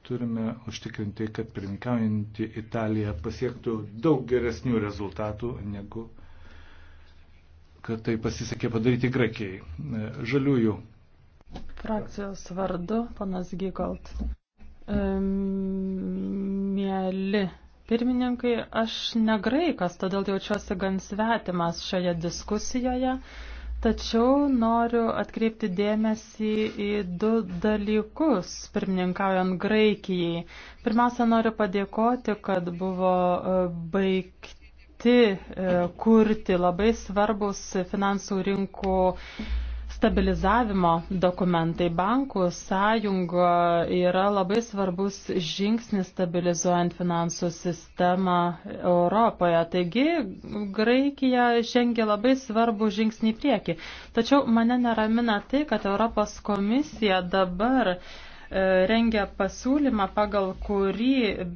Turime užtikrinti, kad pirminkaujantį Italiją pasiektų daug geresnių rezultatų, negu kad tai pasisekė padaryti Graikijai. E, žaliųjų. Frakcijos vardu, panas Gikolt. E, Mėly pirmininkai, aš negraikas, todėl jaučiuosi gan svetimas šioje diskusijoje. Tačiau noriu atkreipti dėmesį į du dalykus, pirmininkaujant Graikijai. Pirmiausia, noriu padėkoti, kad buvo e, baigti e, kurti labai svarbus finansų rinkų stabilizavimo dokumentai. Bankų sąjunga yra labai svarbus žingsnis stabilizuojant finansų sistemą Europoje. Taigi Graikija žengia labai svarbų žingsnį priekį. Tačiau mane neramina tai, kad Europos komisija dabar uh, E, rengia pasiūlymą, pagal kurį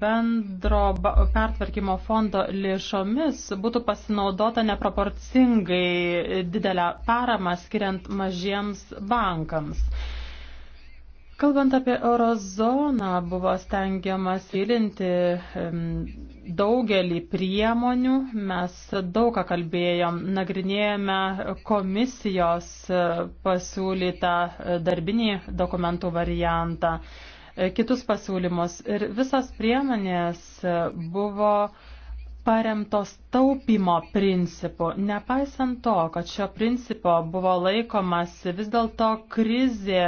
bendro pertvarkymo fondo lėšomis būtų pasinaudota neproporcingai didelę paramą skiriant mažiems bankams. Kalbant apie eurozoną, buvo stengiamas įlinti daugelį priemonių. Mes daug ką kalbėjom, nagrinėjome komisijos e, pasiūlytą e, darbinį dokumentų variantą, e, kitus pasiūlymus. Ir visas priemonės buvo paremtos taupimo principu. Nepaisant to, kad šio principo buvo laikomas vis dėlto krizė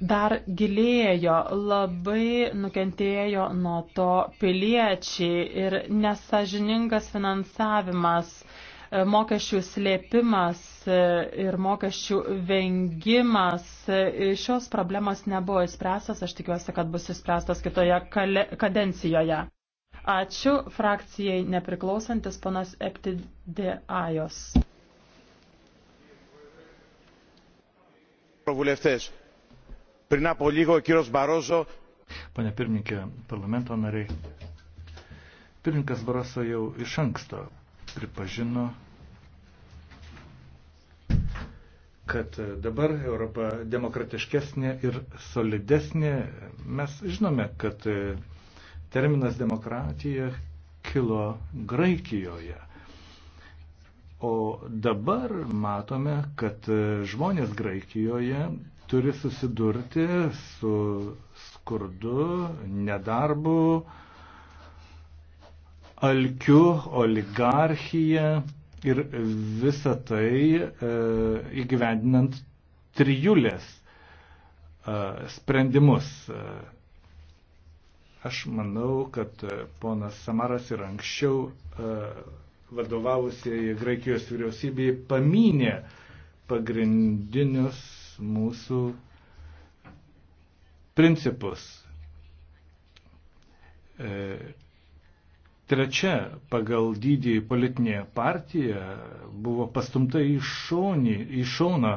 dar gilėjo, labai nukentėjo nuo to piliečiai ir nesažiningas finansavimas, e, mokesčių slėpimas e, ir mokesčių vengimas. E, šios problemos nebuvo įspręstas, aš tikiuosi, kad bus įspręstas kitoje kadencijoje. Ačiū frakcijai nepriklausantis panas Eptidė Ajos. Προβουλευτές, Πριν από λίγο ο κύριος Μπαρόζο. Pane pirmininkė, parlamento nariai. Pirmininkas Baroso jau iš anksto pripažino, kad dabar Europa demokratiškesnė ir solidesnė. Mes žinome, kad terminas demokratija kilo Graikijoje. O dabar matome, kad žmonės Graikijoje turi susidurti su skurdu, nedarbu, alkiu, oligarchija ir visą tai e, įgyvendinant trijulės e, sprendimus. E, aš manau, kad e, ponas Samaras ir anksčiau e, vadovavusieji Graikijos vyriausybėje paminė pagrindinius mūsų principus. E, trečia pagal dydį politinė partija buvo pastumta į, šonį, į šoną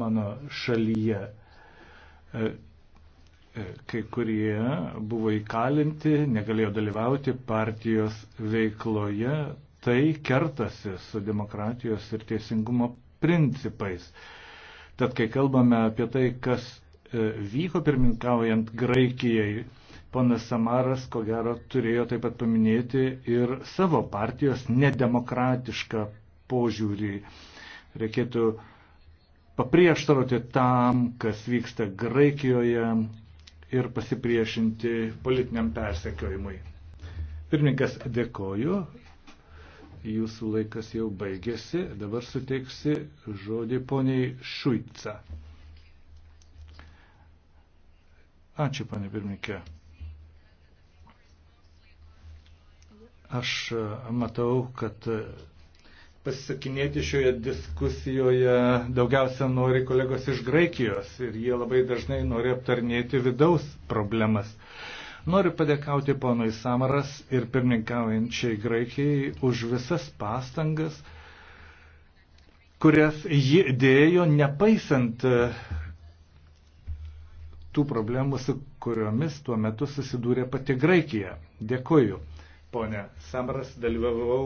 mano šalyje. E, e, kai kurie buvo įkalinti, negalėjo dalyvauti partijos veikloje, tai kertasi su demokratijos ir teisingumo principais. Tad kai kalbame apie tai, kas e, vyko pirmininkaujant Graikijai, ponas Samaras, ko gero, turėjo taip pat paminėti ir savo partijos nedemokratišką požiūrį. Reikėtų paprieštarauti tam, kas vyksta Graikijoje ir pasipriešinti politiniam persekiojimui. Pirmininkas dėkoju jūsų laikas jau baigėsi. Dabar suteiksi žodį poniai Šuica. Ačiū, panė pirmininkė. Aš e, matau, kad e, pasisakinėti šioje diskusijoje daugiausia nori kolegos iš Graikijos ir jie labai dažnai nori aptarnėti vidaus problemas. Noriu padėkauti ponui Samaras ir pirmininkaujančiai Graikijai už visas pastangas, kurias ji dėjo, nepaisant e, tų problemų, su kuriomis tuo metu susidūrė pati Graikija. Dėkuoju, ponė Samaras, dalyvavau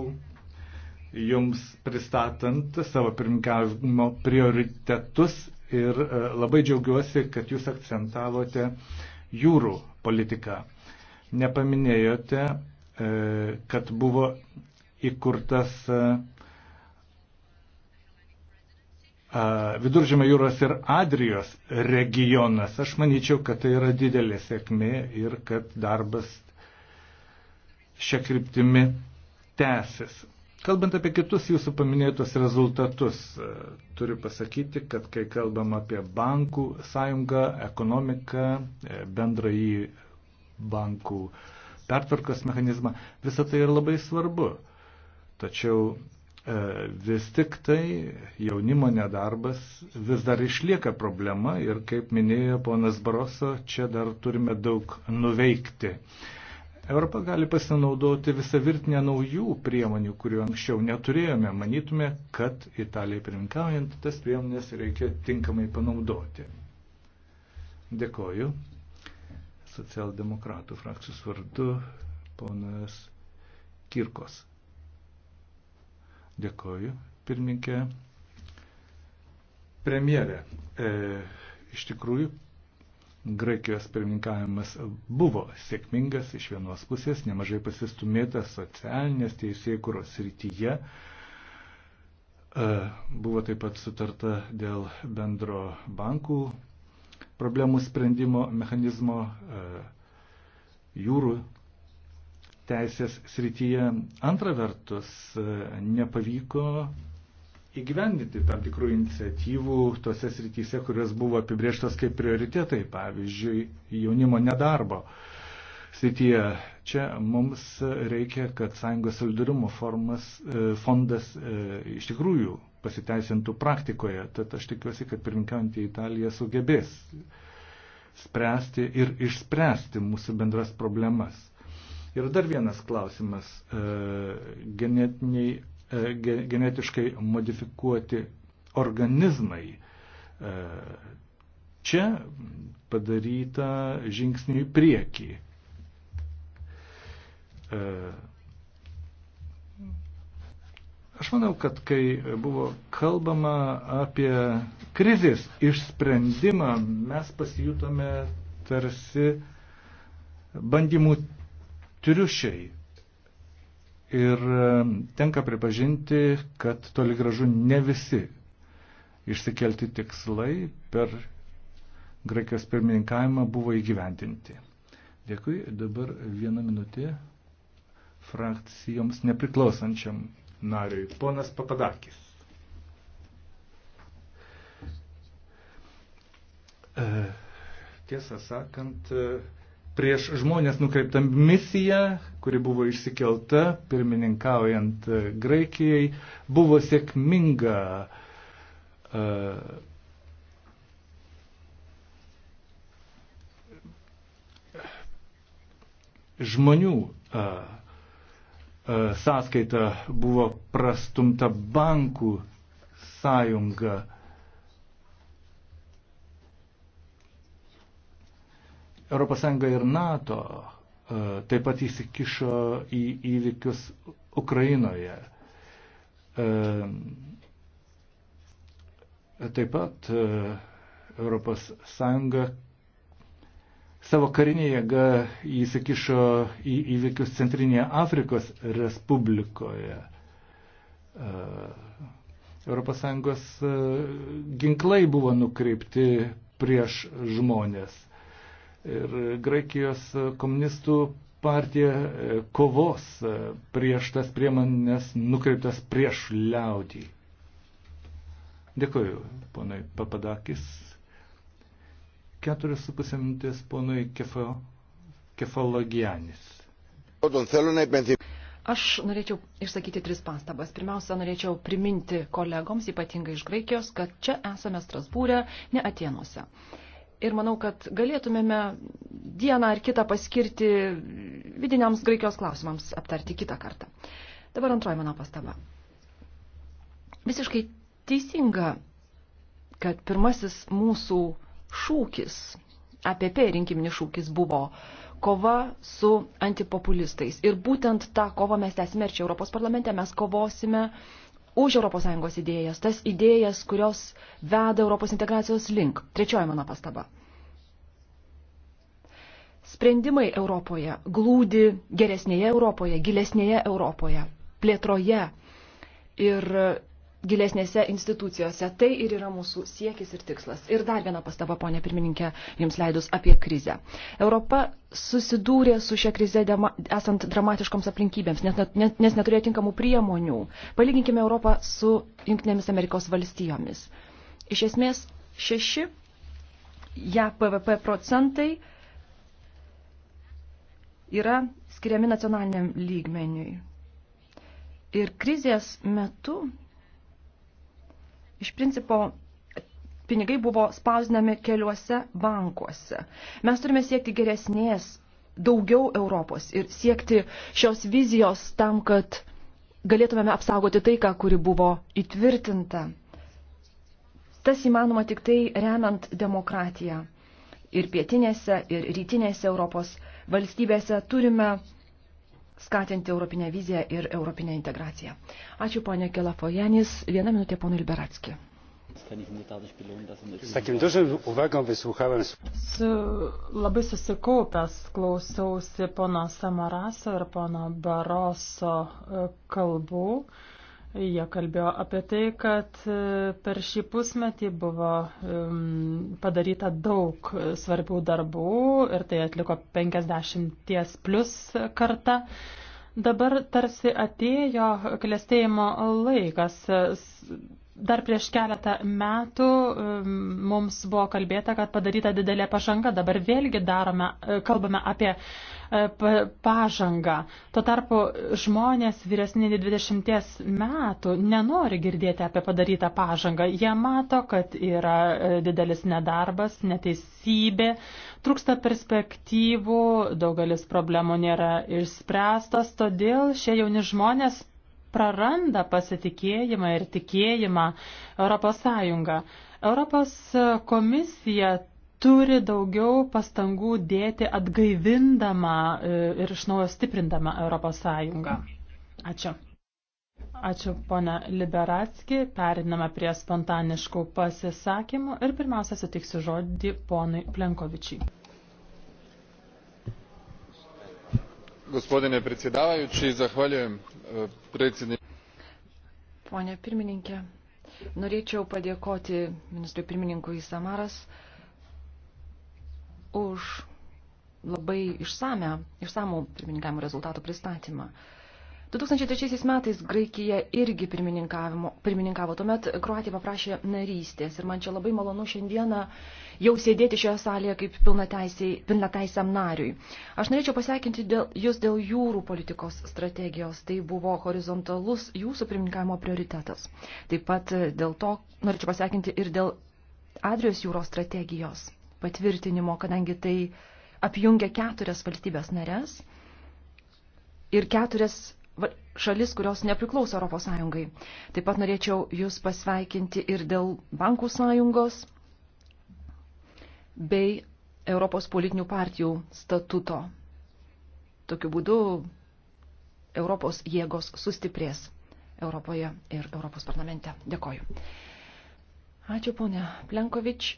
jums pristatant savo pirmininkavimo prioritetus ir e, labai džiaugiuosi, kad jūs akcentavote jūrų politiką. Nepaminėjote, e, kad buvo įkurtas e, Viduržėmio jūros ir Adrijos regionas. Aš manyčiau, kad tai yra didelė sėkmė ir kad darbas šią kryptimį tęsis. Kalbant apie kitus jūsų paminėtus rezultatus, e, turiu pasakyti, kad kai kalbam apie bankų sąjungą, ekonomiką, e, bendrąjį bankų pertvarkos mechanizmą, visa tai yra labai svarbu. Tačiau e, vis tik tai jaunimo nedarbas vis dar išlieka problema ir, kaip minėjo ponas Baroso, čia dar turime daug nuveikti. Europa gali pasinaudoti visą virtinę naujų priemonių, kurių anksčiau neturėjome. Manytume, kad Italijai pirminkaujant tas priemonės reikia tinkamai panaudoti. Dėkoju. Socialdemokratų frakcijos vardu ponas Kirkos. Dėkoju, pirmininkė. Premjerė, e, iš tikrųjų Graikijos pirmininkavimas buvo sėkmingas iš vienos pusės, nemažai pasistumėta socialinės teisėkuros rytyje. E, buvo taip pat sutarta dėl bendro bankų problemų sprendimo mechanizmo e, jūrų teisės srityje. Antra vertus, e, nepavyko įgyvendinti tam tikrų iniciatyvų tose srityse, kurios buvo apibrieštos kaip prioritetai, pavyzdžiui, jaunimo nedarbo srityje. Čia mums reikia, kad Sąjungos solidarumo formas, e, fondas e, iš tikrųjų pasiteisintų praktikoje. Tad aš tikiuosi, kad pirminkiaujantį Italiją sugebės spręsti ir išspręsti mūsų bendras problemas. Ir dar vienas klausimas. E, genetiniai E, genetiškai modifikuoti organizmai. E, čia padaryta žingsnių į priekį. E, aš manau, kad kai buvo kalbama apie krizės išsprendimą, mes pasijutome tarsi bandymų triušiai. Ir e, tenka pripažinti, kad toli gražu ne visi išsikelti tikslai per Graikijos pirmininkavimą buvo įgyventinti. Dėkui, dabar viena minutė frakcijoms nepriklausančiam nariui. Ponas Papadakis. E, tiesą sakant, prieš žmonės nukreipta misija, kuri buvo išsikelta pirmininkaujant e, Graikijai, buvo sėkminga. E, žmonių e, sąskaita buvo prastumta bankų sąjunga ES ir NATO e, taip pat įsikišo į įvykius Ukrainoje. E, taip pat ES savo karinė jėga įsikišo į įvykius Centrinėje Afrikos Respublikoje. ES e, ginklai buvo nukreipti prieš žmonės ir Graikijos komunistų partija e, kovos e, prieš tas priemonės nukreiptas prieš liaudį. Dėkuoju, ponai Papadakis. Keturis su pusė minutės ponui Kefa, Kefalogianis. Aš norėčiau išsakyti tris pastabas. Pirmiausia, norėčiau priminti kolegoms, ypatingai iš Graikijos, kad čia esame Strasbūrė, ne Atenuose ir manau, kad galėtumėme dieną ar kitą paskirti vidiniams Graikijos klausimams aptarti kitą kartą. Dabar antroji mano pastaba. Visiškai teisinga, kad pirmasis mūsų šūkis, APP rinkiminis šūkis buvo kova su antipopulistais. Ir būtent tą kovą mes tęsime ir čia Europos parlamente mes kovosime uh, už ES idėjas, tas idėjas, kurios veda Europos integracijos link. Trečioji mano pastaba. Sprendimai Europoje glūdi geresnėje Europoje, gilesnėje Europoje, plėtroje. Ir gilesnėse institucijose. Tai ir yra mūsų siekis ir tikslas. Ir dar viena pastaba, ponė pirmininkė, jums leidus apie krizę. Europa susidūrė su šia krize esant dramatiškoms aplinkybėms, nes neturėjo tinkamų priemonių. Palyginkime Europą su Junktinėmis Amerikos valstijomis. Iš esmės, šeši ją ja, PVP procentai yra skiriami nacionaliniam lygmeniui. Ir krizės metu Iš principo, pinigai buvo spausdinami keliuose bankuose. Mes turime siekti geresnės, daugiau Europos ir siekti šios vizijos tam, kad galėtumėme apsaugoti tai, ką kuri buvo įtvirtinta. Tas įmanoma tik tai remiant demokratiją. Ir pietinėse, ir rytinėse Europos valstybėse turime skatinti europinę viziją ir europinę integraciją. Ačiū ponė Kelafojanis. Vieną minutę ponui Liberatski. Su labai susikaupęs klausiausi pono Samaraso ir pono Baroso e, kalbų. Jie kalbėjo apie tai, kad e, per šį pusmetį buvo padaryta daug svarbių darbų ir tai atliko 50 plus kartą. Dabar tarsi atėjo klėstėjimo laikas. Dar prieš keletą metų mums buvo kalbėta, kad padaryta didelė pažanga. Dabar vėlgi darome, kalbame apie E, pažangą. Tuo tarpu žmonės vyresni nei 20 metų nenori girdėti apie padarytą pažangą. Jie mato, kad yra e, didelis nedarbas, neteisybė, trūksta perspektyvų, daugelis problemų nėra išspręstos, todėl šie jauni žmonės praranda pasitikėjimą ir tikėjimą Europos Sąjungą. Europos komisija turi daugiau pastangų dėti atgaivindama e, ir iš naujo stiprindama Europos Sąjungą. Ačiū. Ačiū, ponia Liberatski. Periname prie spontaniškų pasisakymų ir pirmiausia sutiksiu žodį ponui Plenkovičiai. Gospodine predsjedavajući, zahvaljujem e, predsjedniku. Pone pirmininkė, norėčiau padėkoti ministrui pirmininkui Samaras už labai išsame, išsamų pirmininkavimo rezultatų pristatymą. 2003 metais Graikija irgi pirmininkavo, tuomet Kroatija paprašė narystės ir man čia labai malonu šiandieną jau sėdėti šioje salėje kaip pilnateisiam nariui. Aš norėčiau pasveikinti dėl, jūs dėl jūrų politikos strategijos, tai buvo horizontalus jūsų pirmininkavimo prioritetas. Taip pat dėl to norėčiau pasveikinti ir dėl Adrijos jūros strategijos patvirtinimo, kadangi tai apjungia keturias valstybės narės ir keturias šalis, kurios nepriklauso Europos Sąjungai. Taip pat norėčiau Jūs pasveikinti ir dėl bankų sąjungos bei Europos politinių partijų statuto. Tokiu būdu Europos jėgos sustiprės Europoje ir Europos parlamente. Dėkoju. Ačiū, ponė Plenkovič.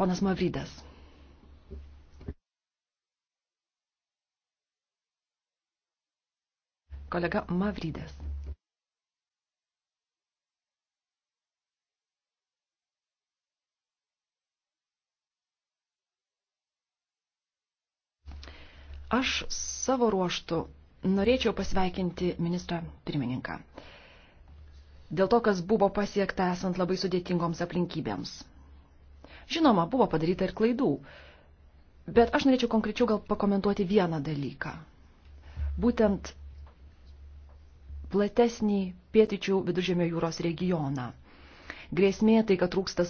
Ponas Mavrydas. Kolega Mavrydas. Aš savo ruoštų norėčiau pasveikinti ministrą pirmininką. Dėl to, kas buvo pasiekta esant labai sudėtingoms aplinkybėms. Žinoma, buvo padaryta ir klaidų, bet aš norėčiau konkrečiau gal pakomentuoti vieną dalyką. Būtent platesnį pietičių viduržėmio jūros regioną. Grėsmė tai, kad trūksta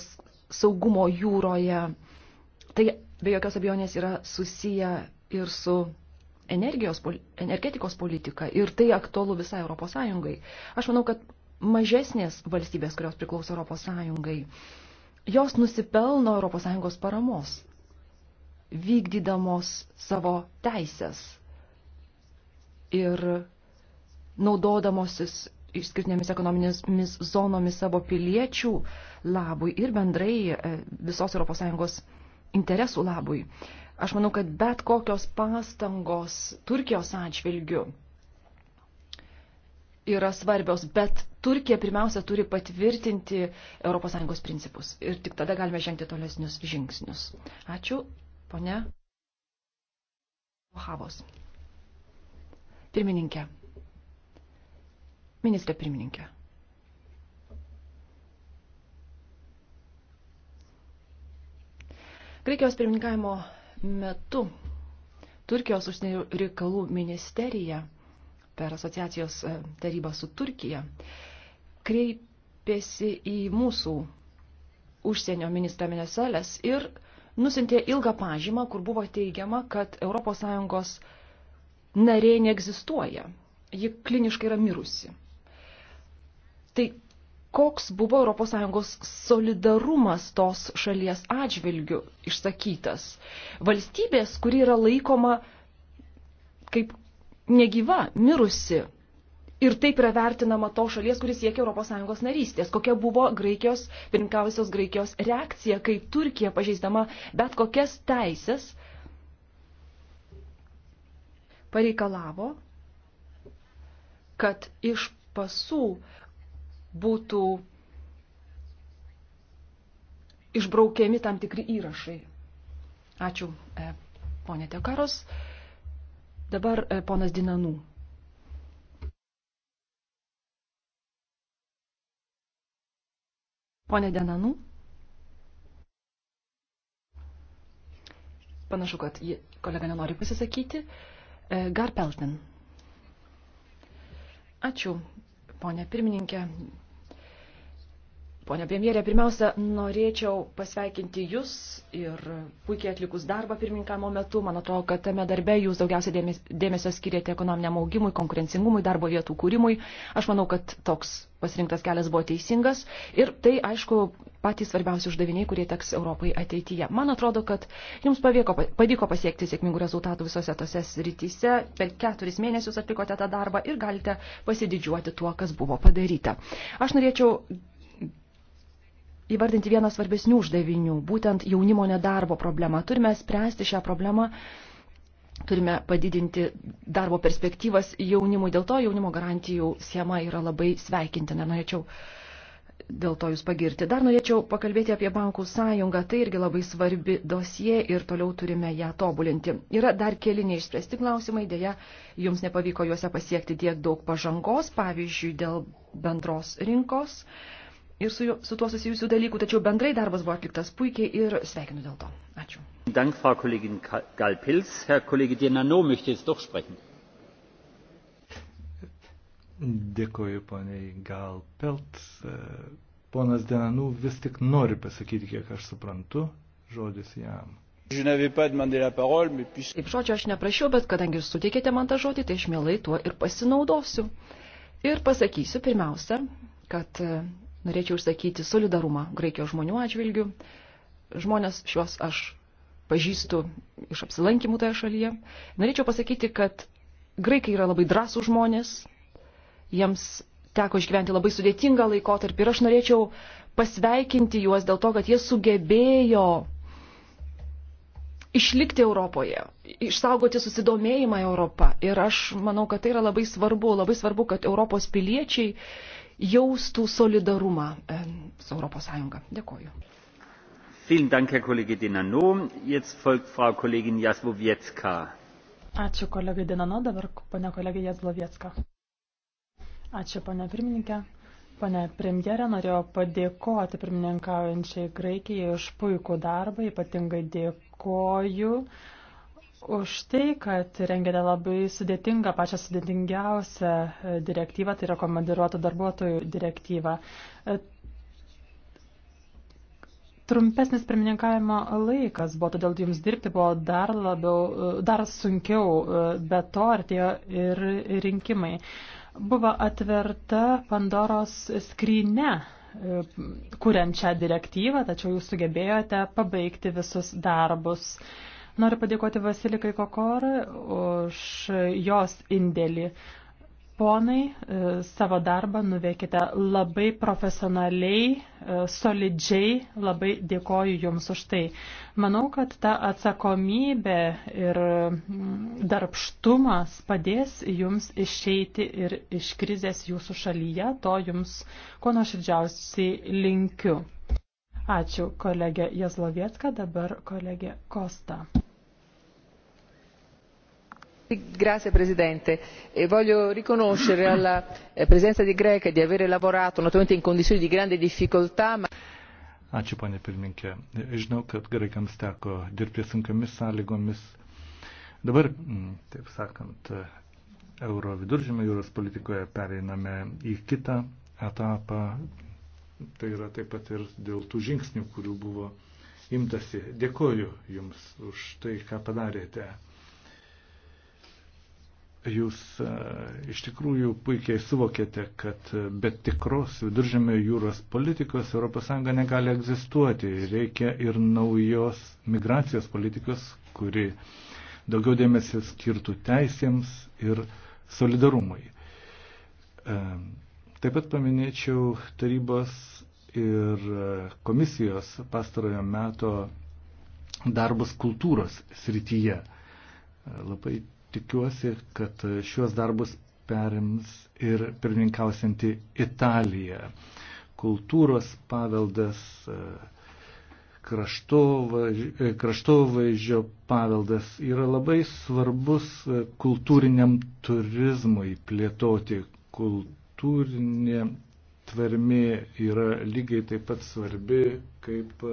saugumo jūroje, tai be jokios abejonės yra susiję ir su energijos, energetikos politika ir tai aktualu visai Europos Sąjungai. Aš manau, kad mažesnės valstybės, kurios priklauso Europos Sąjungai, jos nusipelno ES paramos, vykdydamos savo teisės ir naudodamosis išskirtinėmis ekonominėmis zonomis savo piliečių labui ir bendrai e, visos ES interesų labui. Aš manau, kad bet kokios pastangos Turkijos atžvilgių yra svarbios, bet Turkija pirmiausia turi patvirtinti ES principus ir tik tada galime žengti tolesnius žingsnius. Ačiū, ponia Havos. Pirmininkė. Ministrė pirmininkė. Graikijos pirmininkavimo metu Turkijos užsienio reikalų ministerija per asociacijos e, tarybą su Turkija kreipėsi į mūsų užsienio ministrą Venezuelės ir nusintė ilgą pažymą, kur buvo teigiama, kad ES narė neegzistuoja. Ji kliniškai yra mirusi. Tai koks buvo ES solidarumas tos šalies atžvilgių išsakytas? Valstybės, kuri yra laikoma kaip negyva, mirusi. Ir taip yra vertinama to šalies, kuris siekia ES narystės. Kokia buvo Graikijos, pirinkavusios Graikijos reakcija, kai Turkija pažeisdama bet kokias teisės pareikalavo, kad iš pasų būtų išbraukiami tam tikri įrašai. Ačiū, e, ponė Tekaros. Dabar e, ponas Dinanų. Pone Denanų. Panašu, kad kolega nenori pasisakyti. E, Gar Peltin. Ačiū, ponė pirmininkė, Pone premjerė, pirmiausia, norėčiau pasveikinti Jūs ir puikiai atlikus darbą pirmininkamo metu. Man atrodo, kad tame darbe Jūs daugiausia dėmesio skiriate ekonominiam augimui, konkurencingumui, darbo vietų kūrimui. Aš manau, kad toks pasirinktas kelias buvo teisingas ir tai, aišku, patys svarbiausi uždaviniai, kurie teks Europai ateityje. Man atrodo, kad Jums pavyko, pavyko pasiekti sėkmingų rezultatų visose tose srityse. Per keturis mėnesius atlikote tą darbą ir galite pasididžiuoti tuo, kas buvo padaryta. Aš norėčiau įvardinti vieną svarbesnių uždavinių, būtent jaunimo nedarbo problemą. Turime spręsti šią problemą, turime padidinti darbo perspektyvas jaunimui. Dėl to jaunimo garantijų schema yra labai sveikintina. Norėčiau dėl to jūs pagirti. Dar norėčiau pakalbėti apie bankų sąjungą. Tai irgi labai svarbi dosie ir toliau turime ją tobulinti. Yra dar keli neišspręsti klausimai, dėja jums nepavyko juose pasiekti tiek daug pažangos, pavyzdžiui, dėl bendros rinkos. Uh, ir su, su tuo susijusių dalykų, tačiau bendrai darbas buvo atliktas puikiai ir sveikinu dėl to. Ačiū. Dank, Frau Kollegin Galpils. Herr Kollege Dienano möchte jetzt doch sprechen. Dėkoju, poniai Galpelt. Ponas Dienanų vis tik nori pasakyti, kiek aš suprantu, žodis jam. Taip, žodžio aš neprašiau, bet kadangi jūs suteikėte man tą žodį, tai aš mielai tuo ir pasinaudosiu. Ir pasakysiu pirmiausia, kad e, norėčiau išsakyti solidarumą Graikijos žmonių atžvilgių. Žmonės šiuos aš pažįstu iš apsilankimų toje šalyje. Norėčiau pasakyti, kad graikai yra labai drąsų žmonės, jiems teko išgyventi labai sudėtingą laikotarpį ir aš norėčiau pasveikinti juos dėl to, kad jie sugebėjo išlikti Europoje, išsaugoti susidomėjimą Europą. Ir aš manau, kad tai yra labai svarbu, labai svarbu, kad Europos piliečiai jaustų solidarumą e, su ES. Dėkoju. Dank, Ačiū kolegai Dinano, dabar pane kolegai Jazlovietska. Ačiū pane pirmininkė. Pane premjerė, norėjau padėkoti pirmininkaujančiai Graikijai už puikų darbą, ypatingai dėkoju už tai, kad rengėte labai sudėtingą, pačią sudėtingiausią e, direktyvą, tai yra komandiruotų darbuotojų direktyvą. E, trumpesnis pirmininkavimo laikas buvo, todėl jums dirbti buvo dar labiau, e, dar sunkiau, bet to artėjo ir rinkimai. Buvo atverta Pandoros skryne kuriant šią direktyvą, tačiau jūs sugebėjote pabaigti visus darbus. Noriu padėkoti Vasilikai Kokorai už jos indėlį. Ponai, e, savo darbą nuveikite labai profesionaliai, e, solidžiai, labai dėkoju Jums už tai. Manau, kad ta atsakomybė ir mm, darbštumas padės Jums išeiti ir iš krizės Jūsų šalyje, to Jums kuo nuoširdžiausiai linkiu. Ačiū kolegė Jazlovietska, dabar kolegė Kosta signor presidente e voglio riconoscere alla eh, presidenza greca di aver lavorato naturalmente in condizioni di grande difficoltà. ačiū pone pirmininke žinau kad graikams teko dirbti sunkiomis sąlygomis dabar mm, taip sakant euro viduržemio jūros politikoje pereiname į kitą etapą tai yra taip pat ir dėl tų žingsnių kurių buvo imtasi dėkoju jums už tai ką padarėte. Jūs e, iš tikrųjų puikiai suvokėte, kad be tikros viduržėmio jūros politikos ES negali egzistuoti. Reikia ir naujos migracijos politikos, kuri daugiau dėmesio skirtų teisėms ir solidarumui. E, taip pat paminėčiau tarybos ir komisijos pastarojo meto darbas kultūros srityje. Labai Tikiuosi, kad šiuos darbus perims ir pirmininkausianti Italija. Kultūros paveldas, kraštovaizdžio paveldas yra labai svarbus kultūriniam turizmui plėtoti. Kultūrinė tvermė yra lygiai taip pat svarbi kaip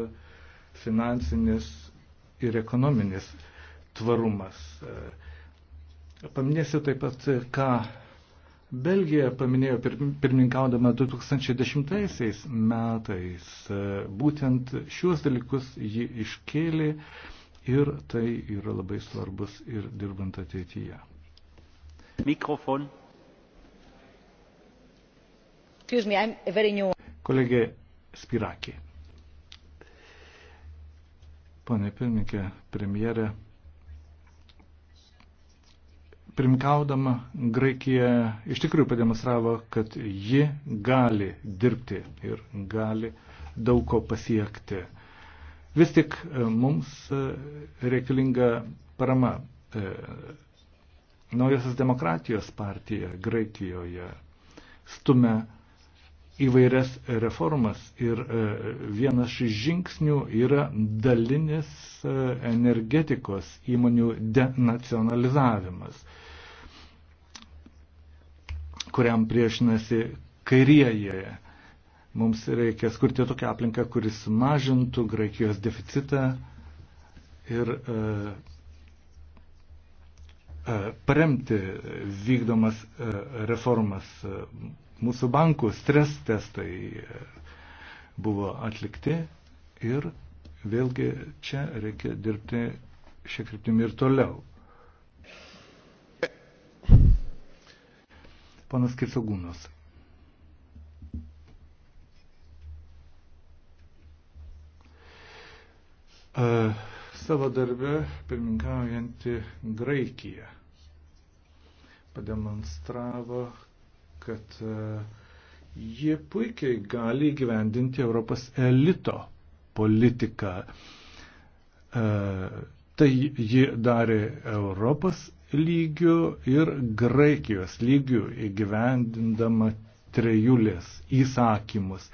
finansinis ir ekonominis tvarumas. Paminėsiu taip pat, ką Belgija paminėjo pirmininkaudama 2010 metais. Būtent šiuos dalykus ji iškėlė ir tai yra labai svarbus ir dirbant ateityje. Mikrofon. Kolegė Spirakė. Pane pirmininkė, premjerė. Primkaudama Graikija iš tikrųjų pademonstravo, kad ji gali dirbti ir gali daug ko pasiekti. Vis tik e, mums e, reikalinga parama. E, Naujosios demokratijos partija Graikijoje stumia įvairias reformas ir vienas iš žingsnių yra dalinis energetikos įmonių denacionalizavimas kuriam priešinasi kairieji. Mums reikia skurti tokią aplinką, kuris mažintų Graikijos deficitą ir e, e, paremti vykdomas e, reformas. Mūsų bankų stres testai e, buvo atlikti ir vėlgi čia reikia dirbti šiek tiek ir toliau. Ponas Kirsogūnas. E, savo darbę pirmininkaujanti Graikija pademonstravo, kad e, jie puikiai gali gyvendinti Europos elito politiką. E, tai ji darė Europos lygių ir Graikijos lygių įgyvendindama trejulės įsakymus.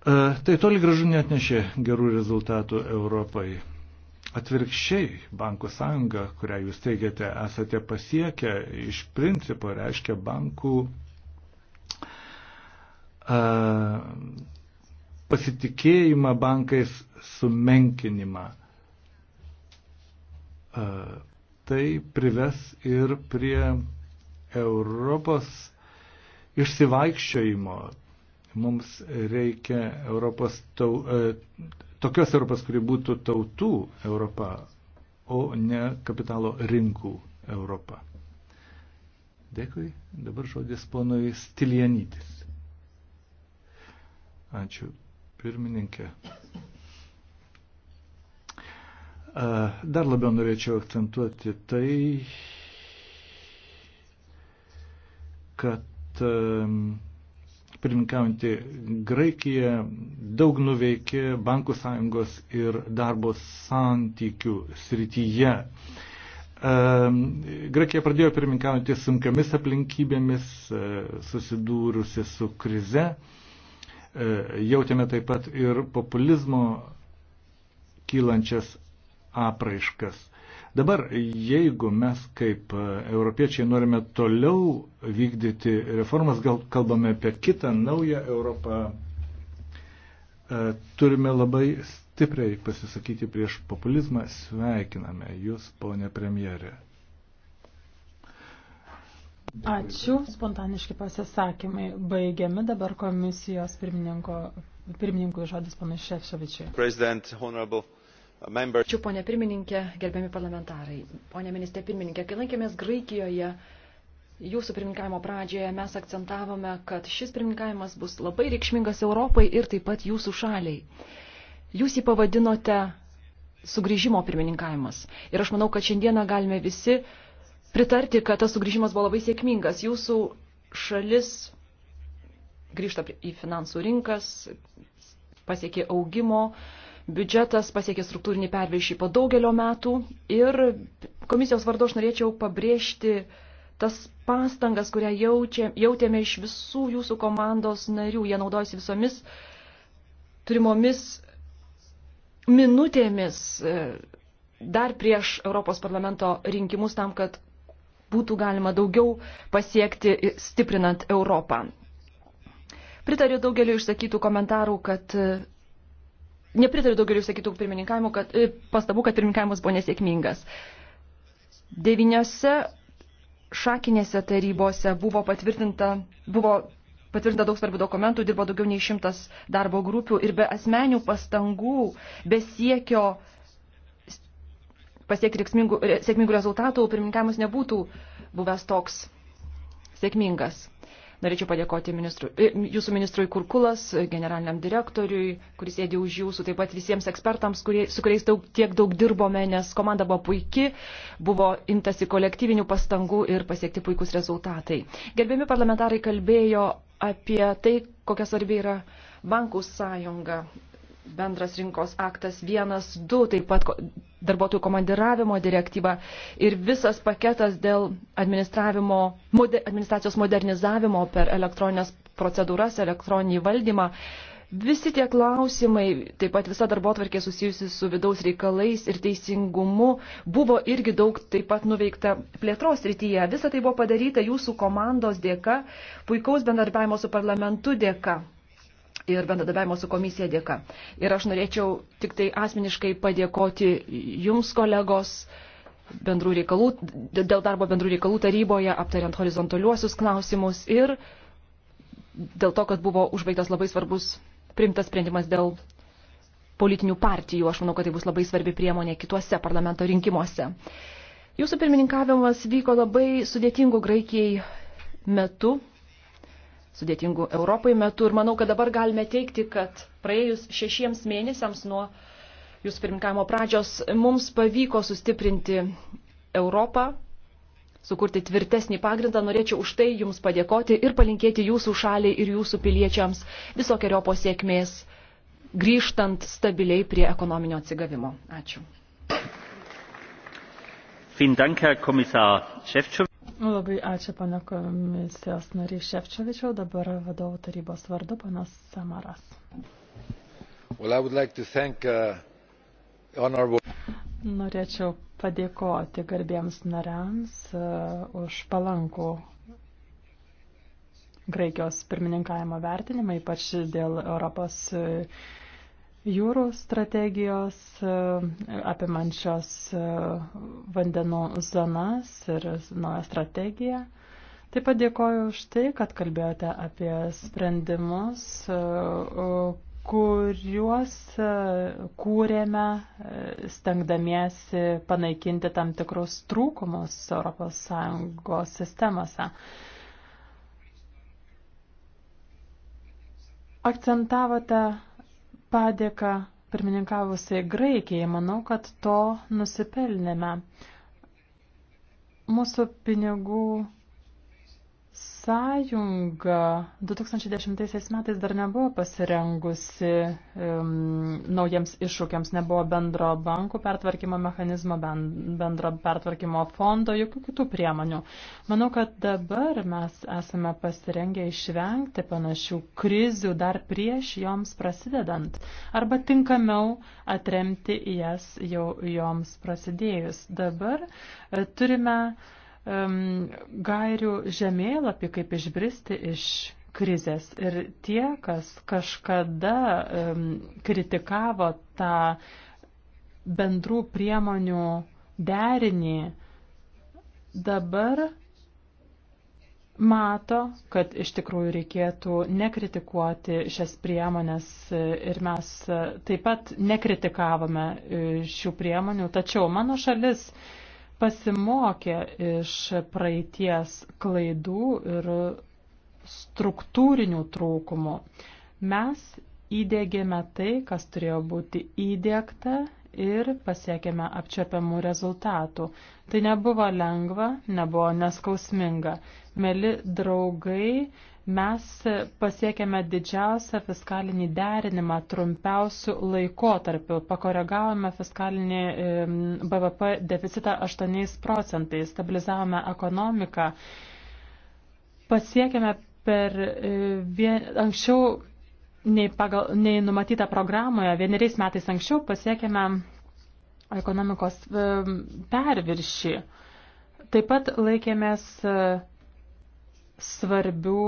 E, tai toli gražu net nešė gerų rezultatų Europai. Atvirkščiai, bankų sąjunga, kurią jūs teigiate, esate pasiekę, iš principo reiškia bankų a, e, pasitikėjimą bankais sumenkinimą. A, e, tai prives ir prie Europos išsivaikščiojimo. Mums reikia Europos tau, e, tokios Europos, kuri būtų tautų Europa, o ne kapitalo rinkų Europa. Dėkui. Dabar žodis ponui Stilianytis. Ačiū, pirmininkė. Dar labiau norėčiau akcentuoti tai, kad pirminkaujantį Graikiją daug nuveikė bankų sąjungos ir darbo santykių srityje. Graikija pradėjo pirminkaujantį sunkiamis aplinkybėmis, e, susidūrusi su krize. E, jautėme taip pat ir populizmo kylančias apraiškas. Dabar, jeigu mes kaip e, europiečiai norime toliau vykdyti reformas, gal kalbame apie kitą naują Europą, e, turime labai stipriai pasisakyti prieš populizmą. Sveikiname Jūs, ponė premjerė. Ačiū. Spontaniški pasisakymai baigiami dabar komisijos pirmininko, pirmininkui žodis panašėvševičiai member... Ačiū, ponė pirmininkė, gerbiami parlamentarai. Ponė ministė pirmininkė, kai lankėmės Graikijoje, jūsų pirmininkavimo pradžioje mes akcentavome, kad šis pirmininkavimas bus labai reikšmingas Europai ir taip pat jūsų šaliai. Jūs jį pavadinote sugrįžimo pirmininkavimas. Ir aš manau, kad šiandieną galime visi pritarti, kad tas sugrįžimas buvo labai sėkmingas. Jūsų šalis grįžta į finansų rinkas, pasiekė augimo, uh, biudžetas pasiekė struktūrinį perviršį po daugelio metų ir komisijos vardu aš norėčiau pabrėžti tas pastangas, kurią jaučia, jautėme iš visų jūsų komandos narių. Jie naudojasi visomis turimomis minutėmis e, dar prieš Europos parlamento rinkimus tam, kad būtų galima daugiau pasiekti stiprinant Europą. Pritariu daugeliu išsakytų komentarų, kad e, nepritariu daugeliu išsakytų pirmininkavimų, kad e, pastabų, kad pirmininkavimas buvo nesėkmingas. Deviniose šakinėse tarybose buvo patvirtinta, buvo patvirtinta daug svarbių dokumentų, dirbo daugiau nei šimtas darbo grupių ir be asmenių pastangų, be siekio pasiekti sėkmingų rezultatų, pirmininkavimas nebūtų buvęs toks sėkmingas. Norėčiau padėkoti ministru, e, jūsų ministrui Kurkulas, e, generaliniam direktoriui, kuris sėdė už jūsų, taip pat visiems ekspertams, kurie, su kuriais daug, tiek daug dirbome, nes komanda buvo puiki, buvo imtasi kolektyvinių pastangų ir pasiekti puikus rezultatai. Gerbiami parlamentarai kalbėjo apie tai, kokia svarbi yra bankų sąjunga bendras rinkos aktas 1.2, taip pat darbuotojų komandiravimo direktyva ir visas paketas dėl moder, administracijos modernizavimo per elektroninės procedūras, elektroninį valdymą. Visi tie klausimai, taip pat visa darbotvarkė susijusi su vidaus reikalais ir teisingumu, buvo irgi daug taip pat nuveikta plėtros rytyje. Visa tai buvo padaryta jūsų komandos dėka, puikaus bendarbiavimo su parlamentu dėka ir bendradarbiavimo su komisija dėka. Ir aš norėčiau tik tai asmeniškai padėkoti jums, kolegos, bendrų reikalų, dėl darbo bendrų reikalų taryboje, aptariant horizontaliuosius klausimus ir dėl to, kad buvo užbaigtas labai svarbus primtas sprendimas dėl politinių partijų. Aš manau, kad tai bus labai svarbi priemonė kituose parlamento rinkimuose. Jūsų pirmininkavimas vyko labai sudėtingų Graikijai metu, sudėtingų Europai metų. Ir manau, kad dabar galime teikti, kad praėjus šešiems mėnesiams nuo jūsų pirmininkavimo pradžios mums pavyko sustiprinti Europą, sukurti tvirtesnį pagrindą. Norėčiau už tai Jums padėkoti ir palinkėti Jūsų šaliai ir Jūsų piliečiams visokiojo pasiekmės, grįžtant stabiliai prie ekonominio atsigavimo. Ačiū. Vielen Dank, Herr Kommissar Šefčovič. Labai ačiū, pana komisijos nariai Šefčiovičiau. Dabar vadovų tarybos vardu, panas Samaras. Well, like thank, uh, honorable... Norėčiau padėkoti garbiems nariams uh, už palankų Graikijos pirmininkavimo vertinimą, ypač dėl Europos uh, jūrų strategijos apimančios e, vandenų zonas ir naują strategiją. Taip pat dėkoju už tai, kad kalbėjote apie sprendimus, e, kuriuos e, kūrėme, stengdamiesi panaikinti tam tikrus trūkumus ES sistemose. Akcentavote padėką pirmininkavusiai Graikijai. Manau, kad to nusipelnėme. Mūsų pinigų Sąjunga 2010 metais dar nebuvo pasirengusi um, naujiems iššūkiams, nebuvo bendro bankų pertvarkymo mechanizmo, bendro pertvarkymo fondo, jokių kitų priemonių. Manau, kad dabar mes esame pasirengę išvengti panašių krizių dar prieš joms prasidedant arba tinkamiau atremti jas jau joms prasidėjus. Dabar e, turime uh, um, gairių žemėlapį, kaip išbristi iš krizės. Ir tie, kas kažkada um, kritikavo tą bendrų priemonių derinį, dabar mato, kad iš tikrųjų reikėtų nekritikuoti šias priemonės ir mes taip pat nekritikavome e, šių priemonių, tačiau mano šalis pasimokė iš praeities klaidų ir struktūrinių trūkumų. Mes įdėgėme tai, kas turėjo būti įdėkta ir pasiekėme apčiopiamų rezultatų. Tai nebuvo lengva, nebuvo neskausminga. Meli draugai, Mes pasiekėme didžiausią fiskalinį derinimą trumpiausių laikotarpių, pakoregavome fiskalinį BVP deficitą 8 procentais, stabilizavome ekonomiką, pasiekėme per e, vien, anksčiau nei, pagal, nei numatyta programoje, vieneriais metais anksčiau pasiekėme ekonomikos perviršį. Taip pat laikėmės svarbių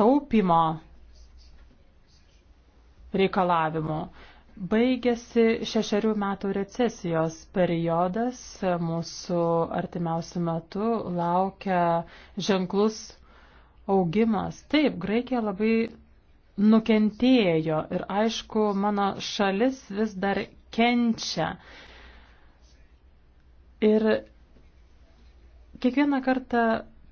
taupimo reikalavimų. Baigėsi šešerių metų recesijos periodas, mūsų artimiausių metų laukia ženklus augimas. Taip, Graikija labai nukentėjo ir aišku, mano šalis vis dar kenčia. Ir kiekvieną kartą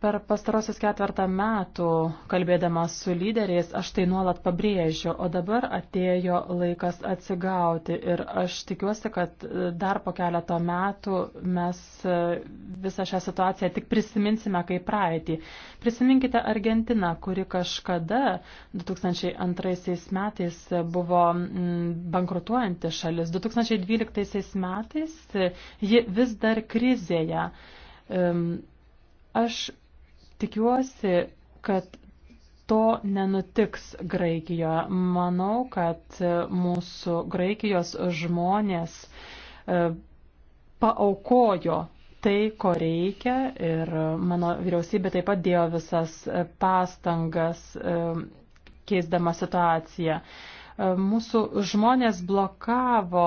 Per pastarosius ketvertą metų, kalbėdamas su lyderiais, aš tai nuolat pabrėžiu, o dabar atėjo laikas atsigauti ir aš tikiuosi, kad e, dar po keleto metų mes e, visą šią situaciją tik prisiminsime kaip praeitį. Prisiminkite Argentiną, kuri kažkada 2002 metais buvo mm, bankrutuojanti šalis, 2012 metais ji vis dar krizėje. Aš Tikiuosi, kad to nenutiks Graikijoje. Manau, kad mūsų Graikijos žmonės e, paaukojo tai, ko reikia ir mano vyriausybė taip pat dėjo visas pastangas e, keisdama situaciją. Mūsų žmonės blokavo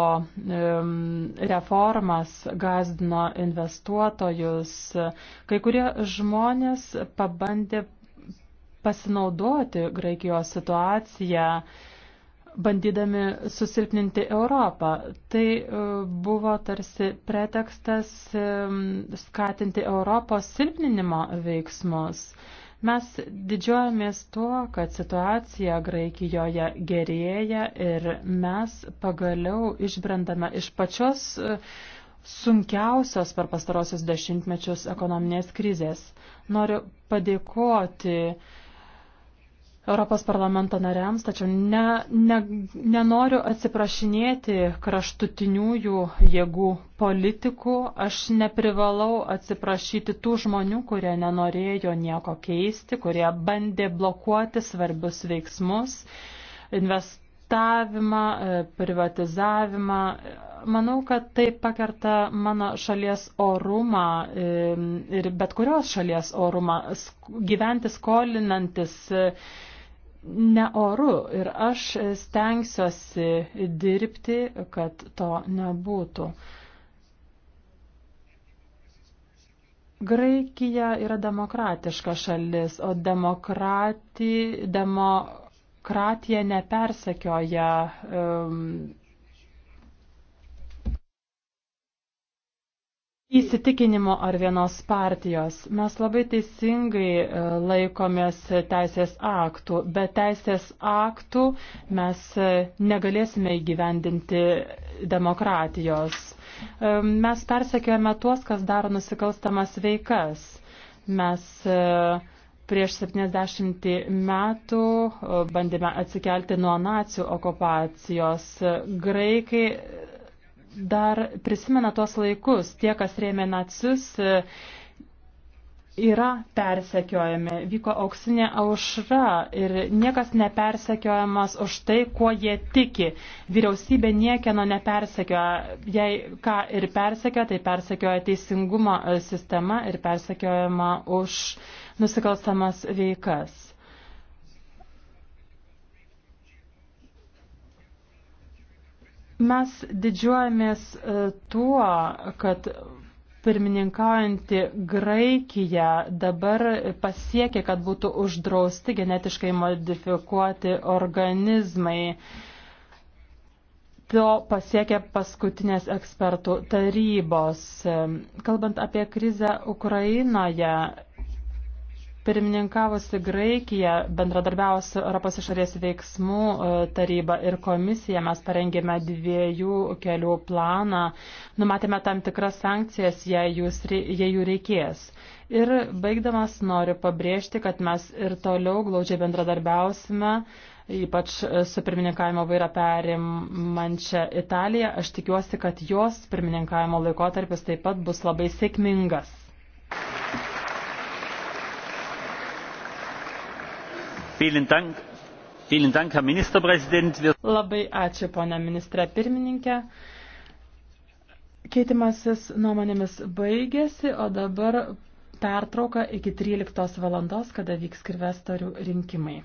reformas, gazdino investuotojus. Kai kurie žmonės pabandė pasinaudoti Graikijos situaciją, bandydami susilpninti Europą. Tai e, buvo tarsi pretekstas skatinti Europos silpninimo veiksmus. Mes didžiuojamės tuo, kad situacija Graikijoje gerėja ir mes pagaliau išbrendame iš pačios e, sunkiausios per pastarosius dešimtmečius ekonominės krizės. Noriu padėkoti Europos parlamento nariams, tačiau ne, ne, nenoriu atsiprašinėti kraštutiniųjų jėgų politikų, aš neprivalau atsiprašyti tų žmonių, kurie nenorėjo nieko keisti, kurie bandė blokuoti svarbius veiksmus, investavimą, e, privatizavimą. Manau, kad tai pakerta mano šalies orumą e, ir bet kurios šalies orumą gyventi skolinantis e, neoru ir aš stengsiuosi dirbti, kad to nebūtų. Graikija yra demokratiška šalis, o demokrati, demokratija nepersekioja um, įsitikinimo ar vienos partijos. Mes labai teisingai e, laikomės teisės aktų, bet teisės aktų mes e, negalėsime įgyvendinti demokratijos. E, mes persekiojame tuos, kas daro nusikalstamas veikas. Mes prieš 70 metų bandėme atsikelti nuo nacijų okupacijos. Graikai dar prisimena tuos laikus, tie, kas rėmė nacius, yra persekiojami. Vyko auksinė aušra ir niekas nepersekiojamas už tai, kuo jie tiki. Vyriausybė niekieno nepersekioja. Jei ką ir persekioja, tai persekioja teisingumo sistema ir persekiojama už nusikalstamas veikas. Mes didžiuojamės e, tuo, kad pirmininkaujanti Graikija dabar pasiekė, kad būtų uždrausti genetiškai modifikuoti organizmai. To pasiekė paskutinės ekspertų tarybos. Kalbant apie krizę Ukrainoje, Pirmininkavusi Graikija bendradarbiavo su Europos išorės veiksmų e, taryba ir komisija. Mes parengėme dviejų kelių planą, numatėme tam tikras sankcijas, jei, jūs, jei jų reikės. Ir baigdamas noriu pabrėžti, kad mes ir toliau glaudžiai bendradarbiausime ypač su pirmininkavimo vaira perimančia Italija. Aš tikiuosi, kad jos pirmininkavimo laikotarpis taip pat bus labai sėkmingas. Labai ačiū, ponia ministrė pirmininkė. Keitimasis nuomonėmis baigėsi, o dabar pertrauka iki 13 valandos, kada vyks kirvestorių rinkimai.